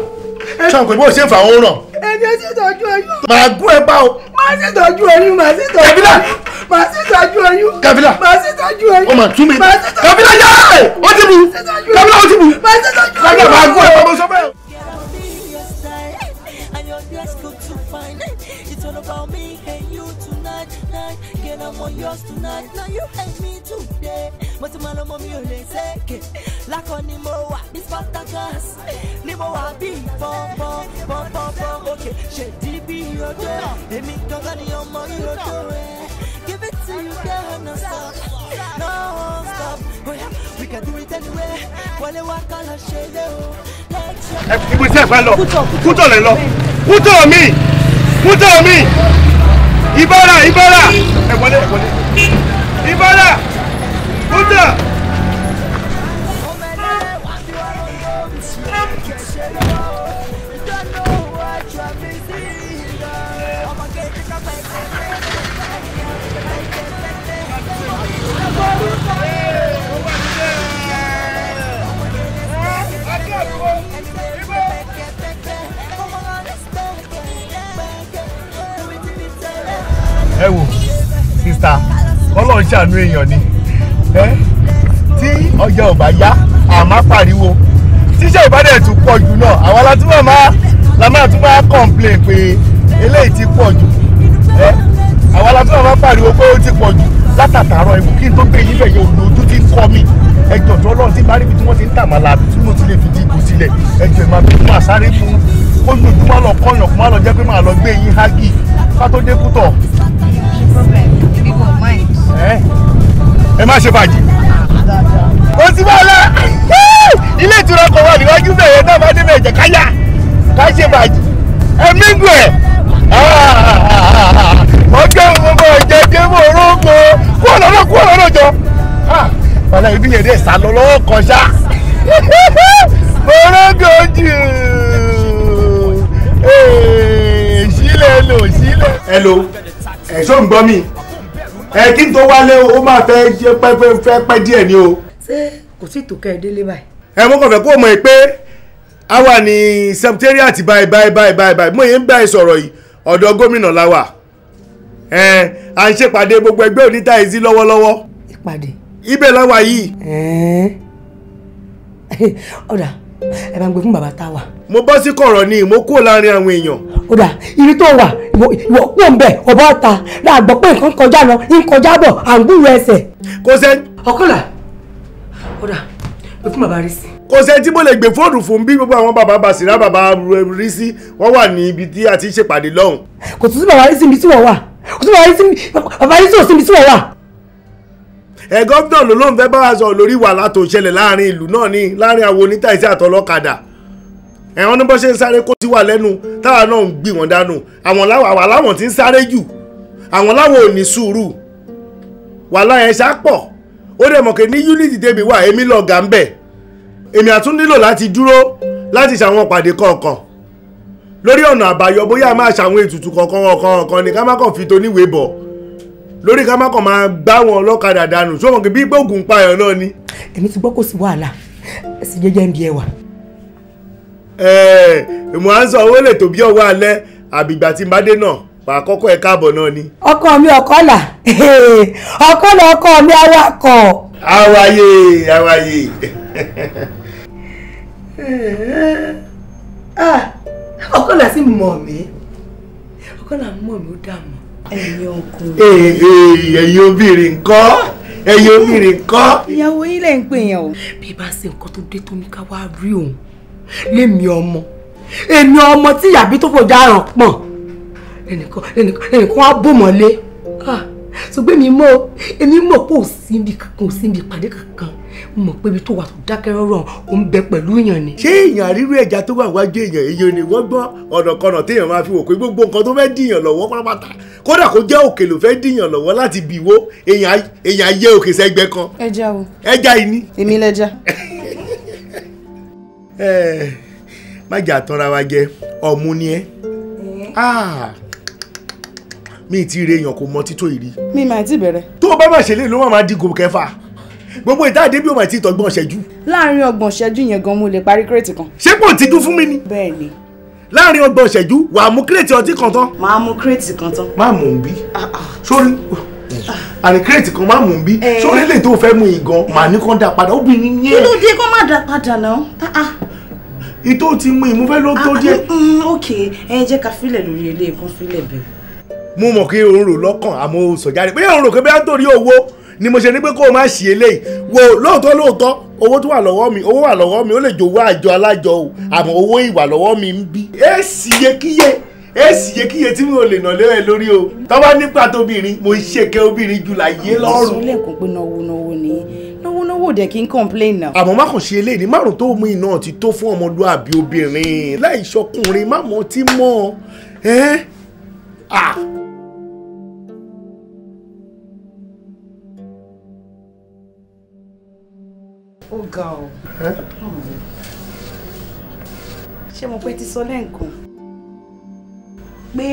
ṣáà kò ní bó ṣe ń fa òun ràn. ẹni ẹ tọ́jú oyún. màá gún ẹ pa o. màá sì tọ́jú oyún màá sì tọ́jú. kabila. màá sì tọ́jú oyún. kabila. màá sì tọ́jú oyún. o ma tún kabila yáa o ti bu. kabila o ti bu. màá sì tọ́jú oyún. kabila màá gún ẹ ẹ ìwé sí ẹ̀fà lọ kútọ̀ lẹ lọ kútọ̀ mi kútọ̀ mi ìbára ìbára ẹ wọlé ẹ wọlé ìbára kútọ̀. ṣàánú èèyàn ni tí ọjà ò bá yá àmá pariwo tíṣẹ́ ìbádẹ́ tún pọ̀ jù náà àwa la tún máa la máa tún máa complain pé eléyìí ti pọ̀ jù àwa la tún máa pariwo pé ó ti pọ̀ jù látàtàrọ̀ ẹ̀kú kí n tó gbé yín bẹ̀ yẹn olójú ti ń kọ́ mi ẹjọ́ tó lọ́ọ̀ tí bá ríbi tí wọ́n ti ń tà máa la tí mo ti lè fi dìbò sílẹ̀ ẹjọ́ ìmọ̀ máa sáré fún ojoojúmọ́ lọ kọ́yàn kó má lọ jẹ́ pé máa lọ gbé yín hági ká kútọ̀. problem. Eh? ẹ má ṣe fàájì kò sí wàhálà ilé ìtura kan wà níwájú bẹ̀rẹ̀ náà má dé bẹ̀jẹ̀ káyà ká ṣe fàájì ẹ mígùn ẹ̀ ọjọ́ gbogbo ẹ̀jẹ̀ dé mọ̀ orógbó kú ọ̀nà náà kú ọ̀nà náà jọ ọ̀nà ìbí yẹn dé sálọ lọ́wọ́ kan orógbó jù sílẹ̀ lò sílẹ̀. ẹ lo ẹ̀ ń gbọ́ mi. ẹ kí n tó wálé ó máa fẹ́ jẹ́ ni o. ṣé kò sí ìtòkẹ́ délé báyìí. ẹ mọ́ kàn kó o pé a wà ní secretariat báyìí báyìí báyìí báyìí báyìí mo yẹn ń bá ẹ sọ̀rọ̀ yìí ọ̀dọ̀ gómìnà la wà ẹ à gbogbo ẹgbẹ́ oníta ìzí lọ́wọ́lọ́wọ́. ìpàdé. ibẹ̀ la wà yìí. *laughs* ọ̀dà ẹ bá ń gbé fún bàbá tá a wà. mo bọ́ sí kọ̀rọ̀ ni mo kúrò láàrin àwọn èèyàn. ó dà ibi tó wà ìwọ kúrò ń bẹ ọba ọta láà gbọ́ pé nǹkan kọjá lọ ń kọjá bọ̀ à ń gbúrò ẹsẹ̀. kò sẹ́. ọ̀kọ́là ó dà gbé fún bàbá rí sí. kò sẹ́ tí mo lè gbé fóònù fún bí gbogbo àwọn bàbá bàṣírà bàbá rí sí wọ́n wà ní ibi tí a ti ṣèpàdé lọ́hùn. kò tún sí bàbá rí sí ibi tí wọ́n wà ẹ gómìnà ló ló ń fẹ́ bá wa sọ lórí wàhálà tó ṣẹlẹ̀ láàrin ìlú náà ni láàrin àwọn onítàìsí àtọlọ́kadà ẹ̀wọ̀n ní bó ṣe ń sáré kó sí wà lẹ́nu táwa náà ń gbì wọ́n dànù àwọn làwà láwọn ti ń sáré jù àwọn làwọn ò ní sùúrù wàhálà yẹn ṣá pọ̀ ó dẹ̀ mọ̀ pé ní unity débi wà èmi lọ̀gá ń bẹ̀ èmi àtún nílò láti dúró láti ṣàwọn pàdé kọ̀ọ̀kan lórí ọ̀nà àbáyọ bóyá máa ṣàwọn ètùtù kọ̀ọ̀kan kọ̀ọ̀kan ni ká má kàn fi toníwèé bọ̀ lórí ká má kàn máa gbá wọn ọlọ́kadà dànù sọ́wọ́n kì í bí pé ògùn payọ̀ náà ni. èmi ti gbọ́ kò sí wàhálà ẹ̀sìn jẹ́jẹ́ ń bí ẹ wà. ẹ̀ẹ́ mo á ń sọ owó lè tó bí ọwọ́ alẹ́ àbìgbà tí n bá dé náà wà á kọ́kọ́ ẹ káàbọ̀ náà ni. ọkọ mi *laughs* *laughs* ah, ọkọ là ọkọ là ọkọ mi awakọ. awaye awaye. ọkọ là sì mọ̀ mí ọkọ là mọ̀ mí ó dà mọ́ ẹ̀yin obìnrin ńkọ́ ẹ̀yin obìnrin ńkọ́. ìyàwó yín lẹ̀ ń pè yẹn o. bí bá ṣe nǹkan tó dé tó ní ká wá rí òun lémi ọmọ èmi ọmọ tí yàbí tó fòjá ràn pọ̀n ẹnìkan ẹnìkan wá bòmọ́lé ah, ṣùgbọ́n èmi mọ̀ èmi mọ̀ pé ò síbi kankan kankan mo mọ̀ pé ibi tó wà tó dákẹ́ rọ́rọ́ ò ń bẹ pẹ̀lú èèyàn ni. ṣé èèyàn rírú ẹja tó wà wájú èèyàn èèyàn ni wọ́n gbọ́ ọ̀nà téèyàn máa fi wò pé gbogbo nǹkan tó fẹ́ dìyàn lọ́wọ́ pátápátá kódà kó jẹ́ òkè ló fẹ́ dìyàn lọ́wọ́ láti bì wó èèyàn yẹ òkè sẹ́gbẹ́ kan. ẹja o ẹja yìí èmi lẹja. *laughs* ẹ má jà tanra wa jẹ ọ̀mù ni ẹ ah. mi ti re èèyàn kò mọ tító ìrí. mi máa ti bẹ̀rẹ̀. tó o bá bàṣẹ lè ló máa di gòkè fa gbogbo ìtàdé bí o mà ti tọgbọ́n ṣẹ́jú. láàárín ọgbọ̀n ṣẹ́jú yẹn gan mo lè parí kírètì kan. ṣé kò tijú fún mi ni. bẹ́ẹ̀ni. láàárín ọgbọ̀n ṣẹ́jú wàá mú kírètì ọtí kan tán. màá mú kírètì kan tán. má mú un bí. Ah, ah. sórí àní kírètì kan má mú un bí. Eh. sórí lè tó fẹ́ mú igan màá ní kán dá padà obìnrin yẹn. kí ló dé kó má dá padà náà ìtò ah, ti mú ìmúfẹ́ ló tó díẹ̀. Mm, ok ẹ jẹ́ ká filẹ̀ lórí ilé ìkún filẹ̀ bẹ́ẹ̀. mo mọ̀ kí òun rò lọ́kàn àmọ́ sọ̀jáde pé òun rò pé torí owó ni mo ṣe ní pé kó o má ṣe eléyìí wo lóòótọ́ lóòótọ́ owó tó wà lọ́wọ́ mi owó wà lọ́wọ́ mi ó lè jò owó àjọ alájọ o àmọ́ owó ìwà lọ́wọ́ mi ń bí. èsì yekíye èsì yekíye tí mi ò lè nà lé lórí o tọ́ba nípa tóbìnrin mo ṣèké obìnrin jù láyé lọ́rùn. ìṣúlẹ̀ kò pé náwó náwó ni náwó dẹ̀ kí n complain náà. àmọ́ má kàn ṣe eléyìí márùn tó mú iná ti tó fún ọmọlúàbí obìnrin láì ṣọkùnrin má mọ̀ tí mọ̀ ẹ́ ah. ó ga ọ. ṣé mo pé ti sọ lẹ́ǹkan pé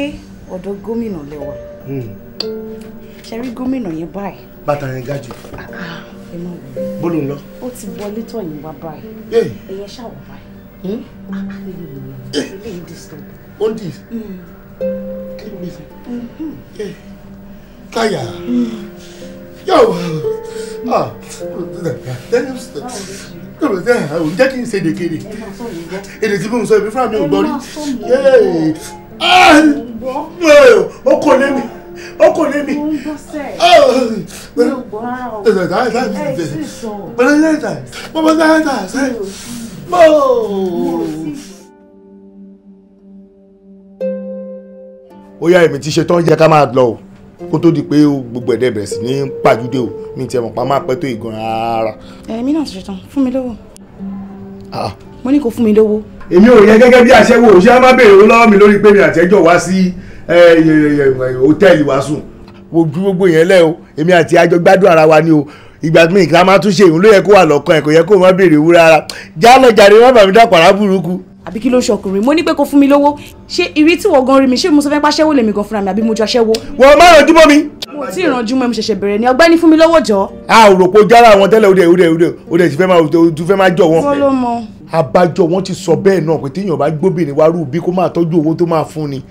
ọ̀dọ̀ gómìnà lẹ́wà hmm. ṣe rí gómìnà yẹn báyìí. bàtà yẹn ga jù. Ah, bólú ń lọ. ó ti wọlé tọ̀ yín wá báyìí ẹ̀yẹ ṣàwọ̀ báyìí. Hmm? ó dì. Hmm. kí ló bí sí. káyà. Yo, ah, yóò ò jẹ́ kí n ṣe èdèkèdè èdè tí mò ń sọ èmi fúnra mi ò gbọ́ rí ó kò lé mi ó kò lé mi. pẹ̀lú lẹ́tà bọ́bá lẹ́tà sẹ́yìn ó yá èmi ti ṣetán yẹ ká máa lọ o kó tó di pé gbogbo ẹ̀dẹ̀ bẹ̀rẹ̀ sí ní pàjúdé o mi tiẹ̀ mọ̀ pa máa pẹ́ tó ìgan rárá. ẹ̀mí náà ti ṣetán fún mi lówó. Ah. mo ní kó fún mi lówó. èmi ò yẹn gẹ́gẹ́ bí aṣẹ́wó òṣìṣẹ́ má béèrè owó lọ́wọ́ mi lórí pé mi àtẹ́jọ́ wá sí hòtẹ́ẹ̀lì wa sùn. ojú gbogbo yẹn lẹ́ o èmi àti àjọ gbádùn ara wa ni o ìgbà mi ìgbà máa tún ṣe ìhun ló yẹ kó wà lọ́kàn ẹ̀ kò yẹ kó má béèrè owó rárá jálọ̀ jàre má bàmí dàpàrà àbí kí ló ń ṣọkùnrin mo ní pé kó fún mi lówó ṣé ìrí tí wọ́n gan rí mi ṣé mo sọ fẹ́ pàṣẹwó lèmi gan fúnra mi àbí mo jọ aṣẹ́wó. wọ́n máa ràn júmọ́ mi. mo ti ràn júmọ́ mi ṣẹ̀ṣẹ̀ bẹ̀rẹ̀ ni ọgbẹ́ni fún mi lówó jọ. a ò rò pé jára àwọn tẹ́lẹ̀ òde òde òde òde ti fẹ́ máa òde fẹ́ máa jọ wọn. wọ́n ló mọ. abájọ wọn ti sọ bẹ́ẹ̀ náà pé téèyàn bá gbóbìnrin wá rú bí kó máa tọ́jú owó tó máa fún ni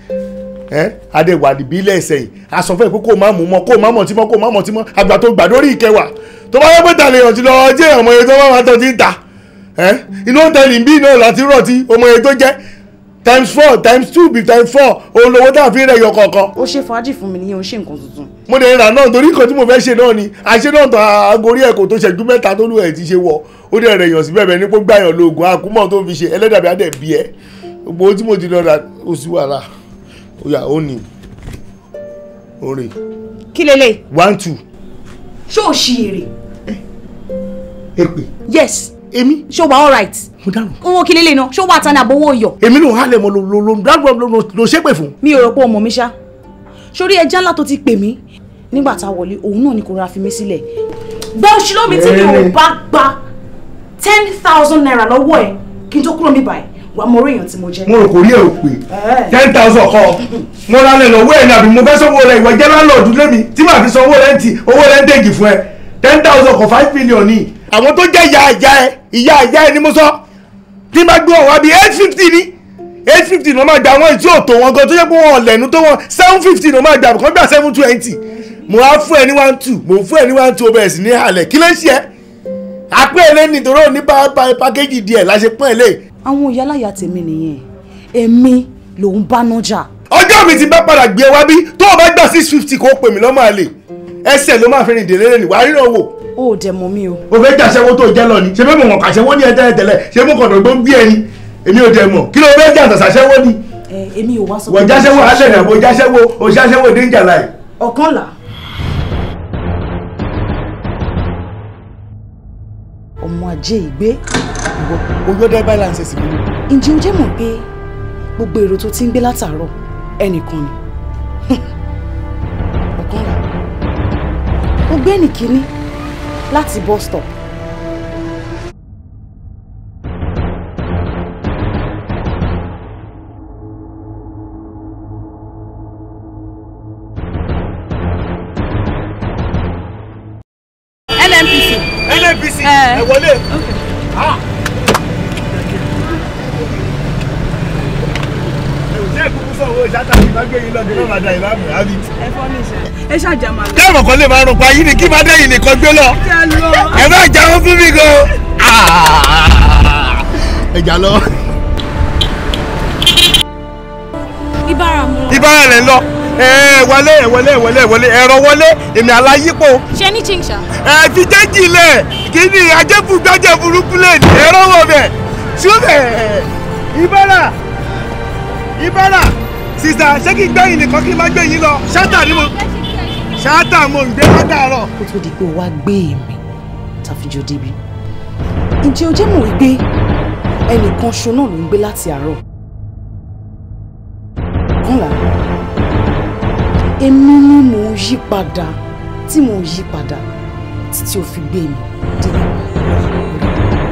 adéwàdìbí ilé ẹsẹ̀ yìí asọ̀fẹ́ pé kó má mú mọ́ kó má mọ̀ tí mọ́ kó má mọ̀ tí mọ́ àgbà tó gbàdórí ìkẹwà tó bá yẹ pé tàlẹ̀ ọ̀tí lọ́ọ́ jẹ́ ọmọ yẹn tó bá máa tọ́ ti ń ta inú òtẹ́ẹ̀lì bíi náà láti rọ̀tí ọmọ yẹn tó jẹ́ times four times two be times four òun lówó tá a fi rẹ̀ yọ kọ̀ọ̀kan. ó ṣe fàájì fún mi nìyẹn ó ṣe nǹkan tuntun. mo lè rà náà torí nǹkan tí mo fẹ́ ṣe náà ni àṣẹ náà tó agorí ẹ̀kọ́ tó ṣẹ́jú mẹ́ta tó lù ẹ̀ ti ṣe wọ̀ ó dẹ̀ rẹ̀ yàn sí bẹ́ẹ̀ ní kó gbàyàn lóògùn àkúmọ̀ tó ń fi ṣe ẹlẹ́dàbí adẹ̀ bí ẹ gbogbo tí mo ti lọ ra ó sì wàhálà ó yà ó nì ó rè. kí lélẹ̀. one two. ṣó o ṣì èrè. èpè. yes èmi. ṣé o wà all right. mo dárò. owó kí lélẹ̀ náà ṣé o wà tán ní àbówó yọ. èmi ló ń halẹ̀ mọ́ ló ló dárò ló ṣépè fún. mi ò rò pé o mọ̀ mi ṣá sórí ẹja ńlá tó ti pè mí nígbà tá a wọlé òun náà ni kò ra fi mí sílẹ̀ gbọ́ ṣílómi tí mi ò bá gba ten thousand naira lọ́wọ́ ẹ̀ kí n tó kúrò mi báyìí wà á mọ orí èèyàn tí mo jẹ́. mo rò kò rí èrò pé eh. ten thousand kọ́ mo ra lẹ̀ lọ́wọ́ ẹ̀ ní àbí mo fẹ́ sanwó rẹ̀ ìwọ jẹ́ láńlọ́ọ̀dù lémi tí màá fi san owó rẹ̀ ń ti owó rẹ̀ ń dèjì fún ẹ ten thousand kọ́ five million ni àwọn tó jẹ́ ìyá ìyá ẹ ìyá ìyá ẹ ni mo sọ tí bá gbé ọ̀wá bíi eight fifty ni eight fifty ni wọ́n máa gbà wọ́n tí ò tó wọn gan tó yẹ pé wọ́n lẹ́nu tó wọn seven fifty ni wọ́n máa gbà kàn gbà seven twenty mo á fún ẹ one two mo fún ẹ one two o bẹ̀rẹ̀ sí ní halẹ̀ kí ló ń ṣe ẹ́ àpẹ́ ẹ̀ lẹ́ni tó rọ̀ ní pàkéjì díẹ̀ láṣẹ pọ́n ẹ̀ lé. àwọn ìyá láyà tèmi nìyẹn èmi lòún bá nájà. ọjọ́ mi ti bá padà gbé ẹ wá bí tó o bá gbà six fifty kó o pè mí lọ́mọ àlè ẹsẹ̀ ló máa fi rìn délé lẹ́nu wàá ríran o dẹ̀ mi o. o fẹ́ jàṣẹ́wó tó jẹ́ lọ ni ṣe fẹ́ mọ̀ kàṣẹ́wó ní ẹni èmi ò kí ló ni. èmi ò wá sọ pé wọ́n jàṣẹ́wó alẹ́ rẹ̀ mo jàṣẹ́wó o jàṣẹ́wó danger life. ọ̀kànlá. ọmọ ajé ìgbé. ojú ọdẹ balance ǹjẹ́ o jẹ́ mọ̀ pé gbogbo èrò tó ti ń gbé látàárọ̀ ẹnìkan ni *laughs* láti bus stop. NNPC. NNPC eh. ẹ wọlé. Ah. ṣé ìkúkú sọ̀rọ̀ ìṣàtàkì bá gbé yín lọ́dún náà máa da ìlànà àbí ẹ ṣàjà máa lọ. dáàbò kan lè máa rún pa yìí ni kí máa dẹ́yìn nìkan gbé lọ. ẹ bá jà wọn fún mi gan. ẹ jà lọ. ibara mu. ibara rẹ lọ ẹ wọlé ẹ wọlé ẹ wọlé ẹ wọlé ẹrọ wọlé èmi aláyípo. ṣe ní chincha. ẹ fi jẹ́jì lẹ̀ kí ni ajẹ́fúgbájẹ́ burúkú lè ní ẹ̀rọ wọ̀ bẹ̀ ṣúbẹ̀ ibara ibara sista ṣé kí n gbẹ́yìn nìkan kí n má gbẹ́yìn lọ ṣáàtà ni mo ṣáátà mo ń gbé látàárọ̀. ó tó di pé o wá gbé èmi tàfijọ́ débi ǹjẹ́ o jẹ́ mọ̀ wípé ẹnìkan ṣo náà ló ń gbé láti àárọ̀ kànlá èmi ni mò ń yí padà tí mò ń yí padà títí o fi gbé mi débi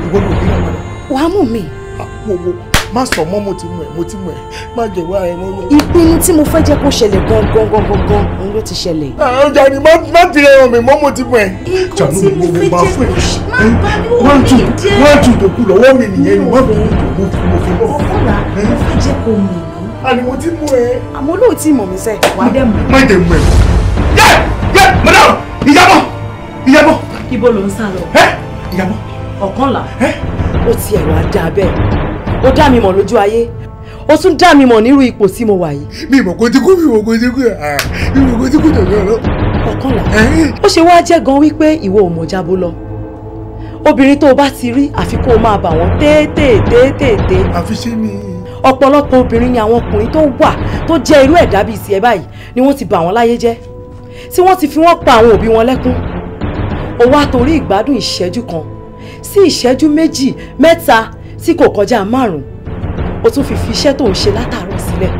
ìwọ ló gbé mi wàá mú mi. Ah, má sọ mọ́ mo ti mọ̀ ẹ́ mo ti mọ̀ ẹ́ má jẹ̀wọ́ ara ẹ̀ mọ́. ìpinnu tí mo fẹ́ jẹ́ kó ṣẹlẹ̀ gangan gangan òun ló ti ṣẹlẹ̀. àwọn ah, jàre má ti rẹran mi mọ́ mo ti mọ̀ ẹ́. nǹkan tí mo fẹ́ jẹ́ kó ṣẹlẹ̀ má bá lóore jẹ́. wọ́n ti dòkú lọ́wọ́ mi nìyẹn ni wọ́n fi mú dòkú mo fi lọ. ọ̀kọ́ra mo fẹ́ jẹ́ kó mọ̀ mí. àní mo ti mọ̀ ẹ́. àmọ́ lóò tí mọ̀ ìyàbọ̀ ìyàbọ̀. ibo ló ń sá lọ. ìyàbọ̀. ọ̀kànlá. ó tiẹ̀ wá dáa bẹ́ẹ̀. O dá mi mọ̀ lójú ayé O tún dá mi mọ̀ nírú ipò tí mo wà yìí. mi ìmọ̀ kò ti kú mi ìmọ̀ kò ti kú ah, mi ìmọ̀ kò ti kú jọ̀jọ̀ lọ. ọ̀kànlá ó ṣe wáá jẹ́ gan wípé ìwọ ò mọ̀ jábó lọ obìnrin tó o bá ti rí àfi kó o máa bà wọ́n téètéètéètéèté. àfi ṣé ni. ọ̀pọ̀lọpọ̀ obìnrin ni àwọn ọkùnrin tó wà tó jẹ́ irú ẹ̀dá bíi tiẹ̀ báyìí ni wọ́n ti bà wọ́n láyé jẹ́ tí wọ́n ti fi wọ́n pa àwọn òbí wọn lẹ́kún. ó wá torí ìgbádùn ìṣẹ́jú kan sí ìṣẹ́jú méjì mẹ́ta tí kò kọjá márùn ó tún fi fi iṣẹ́ tó ń ṣe látàárọ̀ sílẹ̀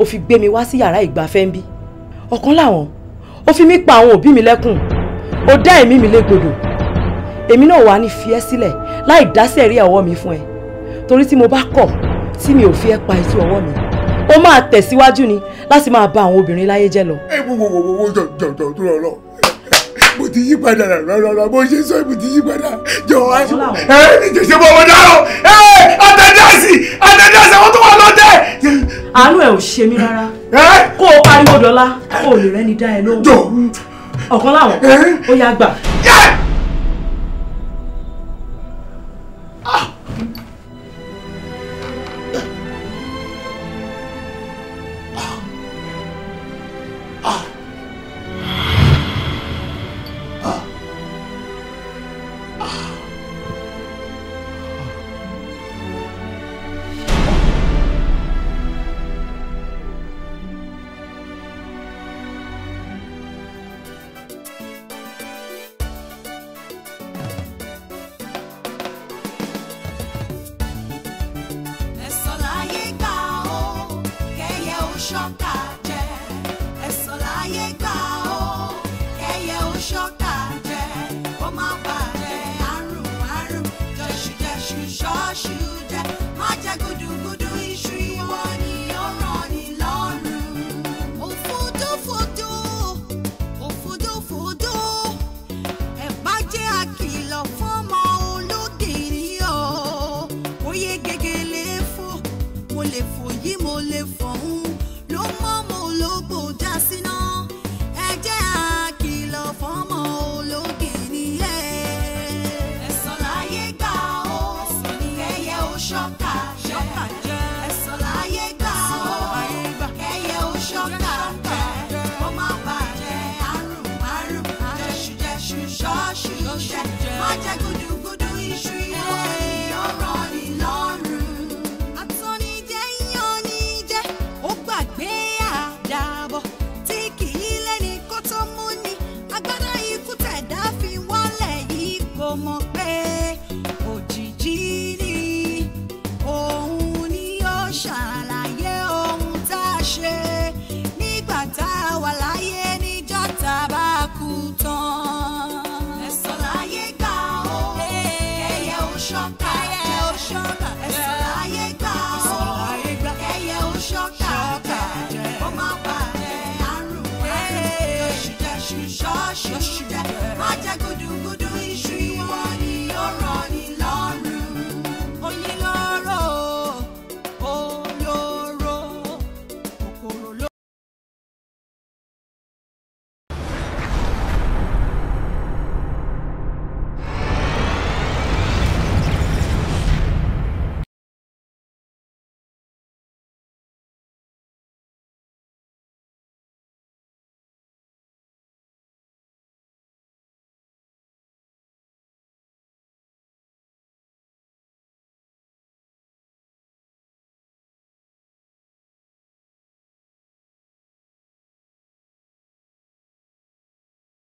ó fi gbé mi wá sí yàrá ìgbafẹ́ ń bí ọ̀kan làwọn ó fi mí pa àwọn òbí mi lẹ́kùn ó dá ẹ̀mí mi légbodò èmi náà wà ní fi ẹ́ sílẹ̀ láì dásẹ̀ rí ọwọ́ mi fún ẹ torí tí mo bá kọ̀ tí mi ò fi ẹ́ pa etí ọwọ́ mi ó máa tẹ̀síwájú ni láti máa bà àwọn obìnrin láyé jẹ́ lọ. ẹ wo wo wo wo jọjọjọ tó lọ lọ mo ti yí padà rárá bó ṣe sọ mo ti yí padà jọ wá ṣe ẹ ìjẹsẹ bọ wọn dáhọ ẹ àtẹdásì àtẹdásì àwọn tó wà lọtẹ. àánú ẹ ò ṣe mí rárá kó o pariwo dọ́là kó o lè rẹ́ni dá ẹ lóhùn ọ̀kan láwọn ó yá gbà.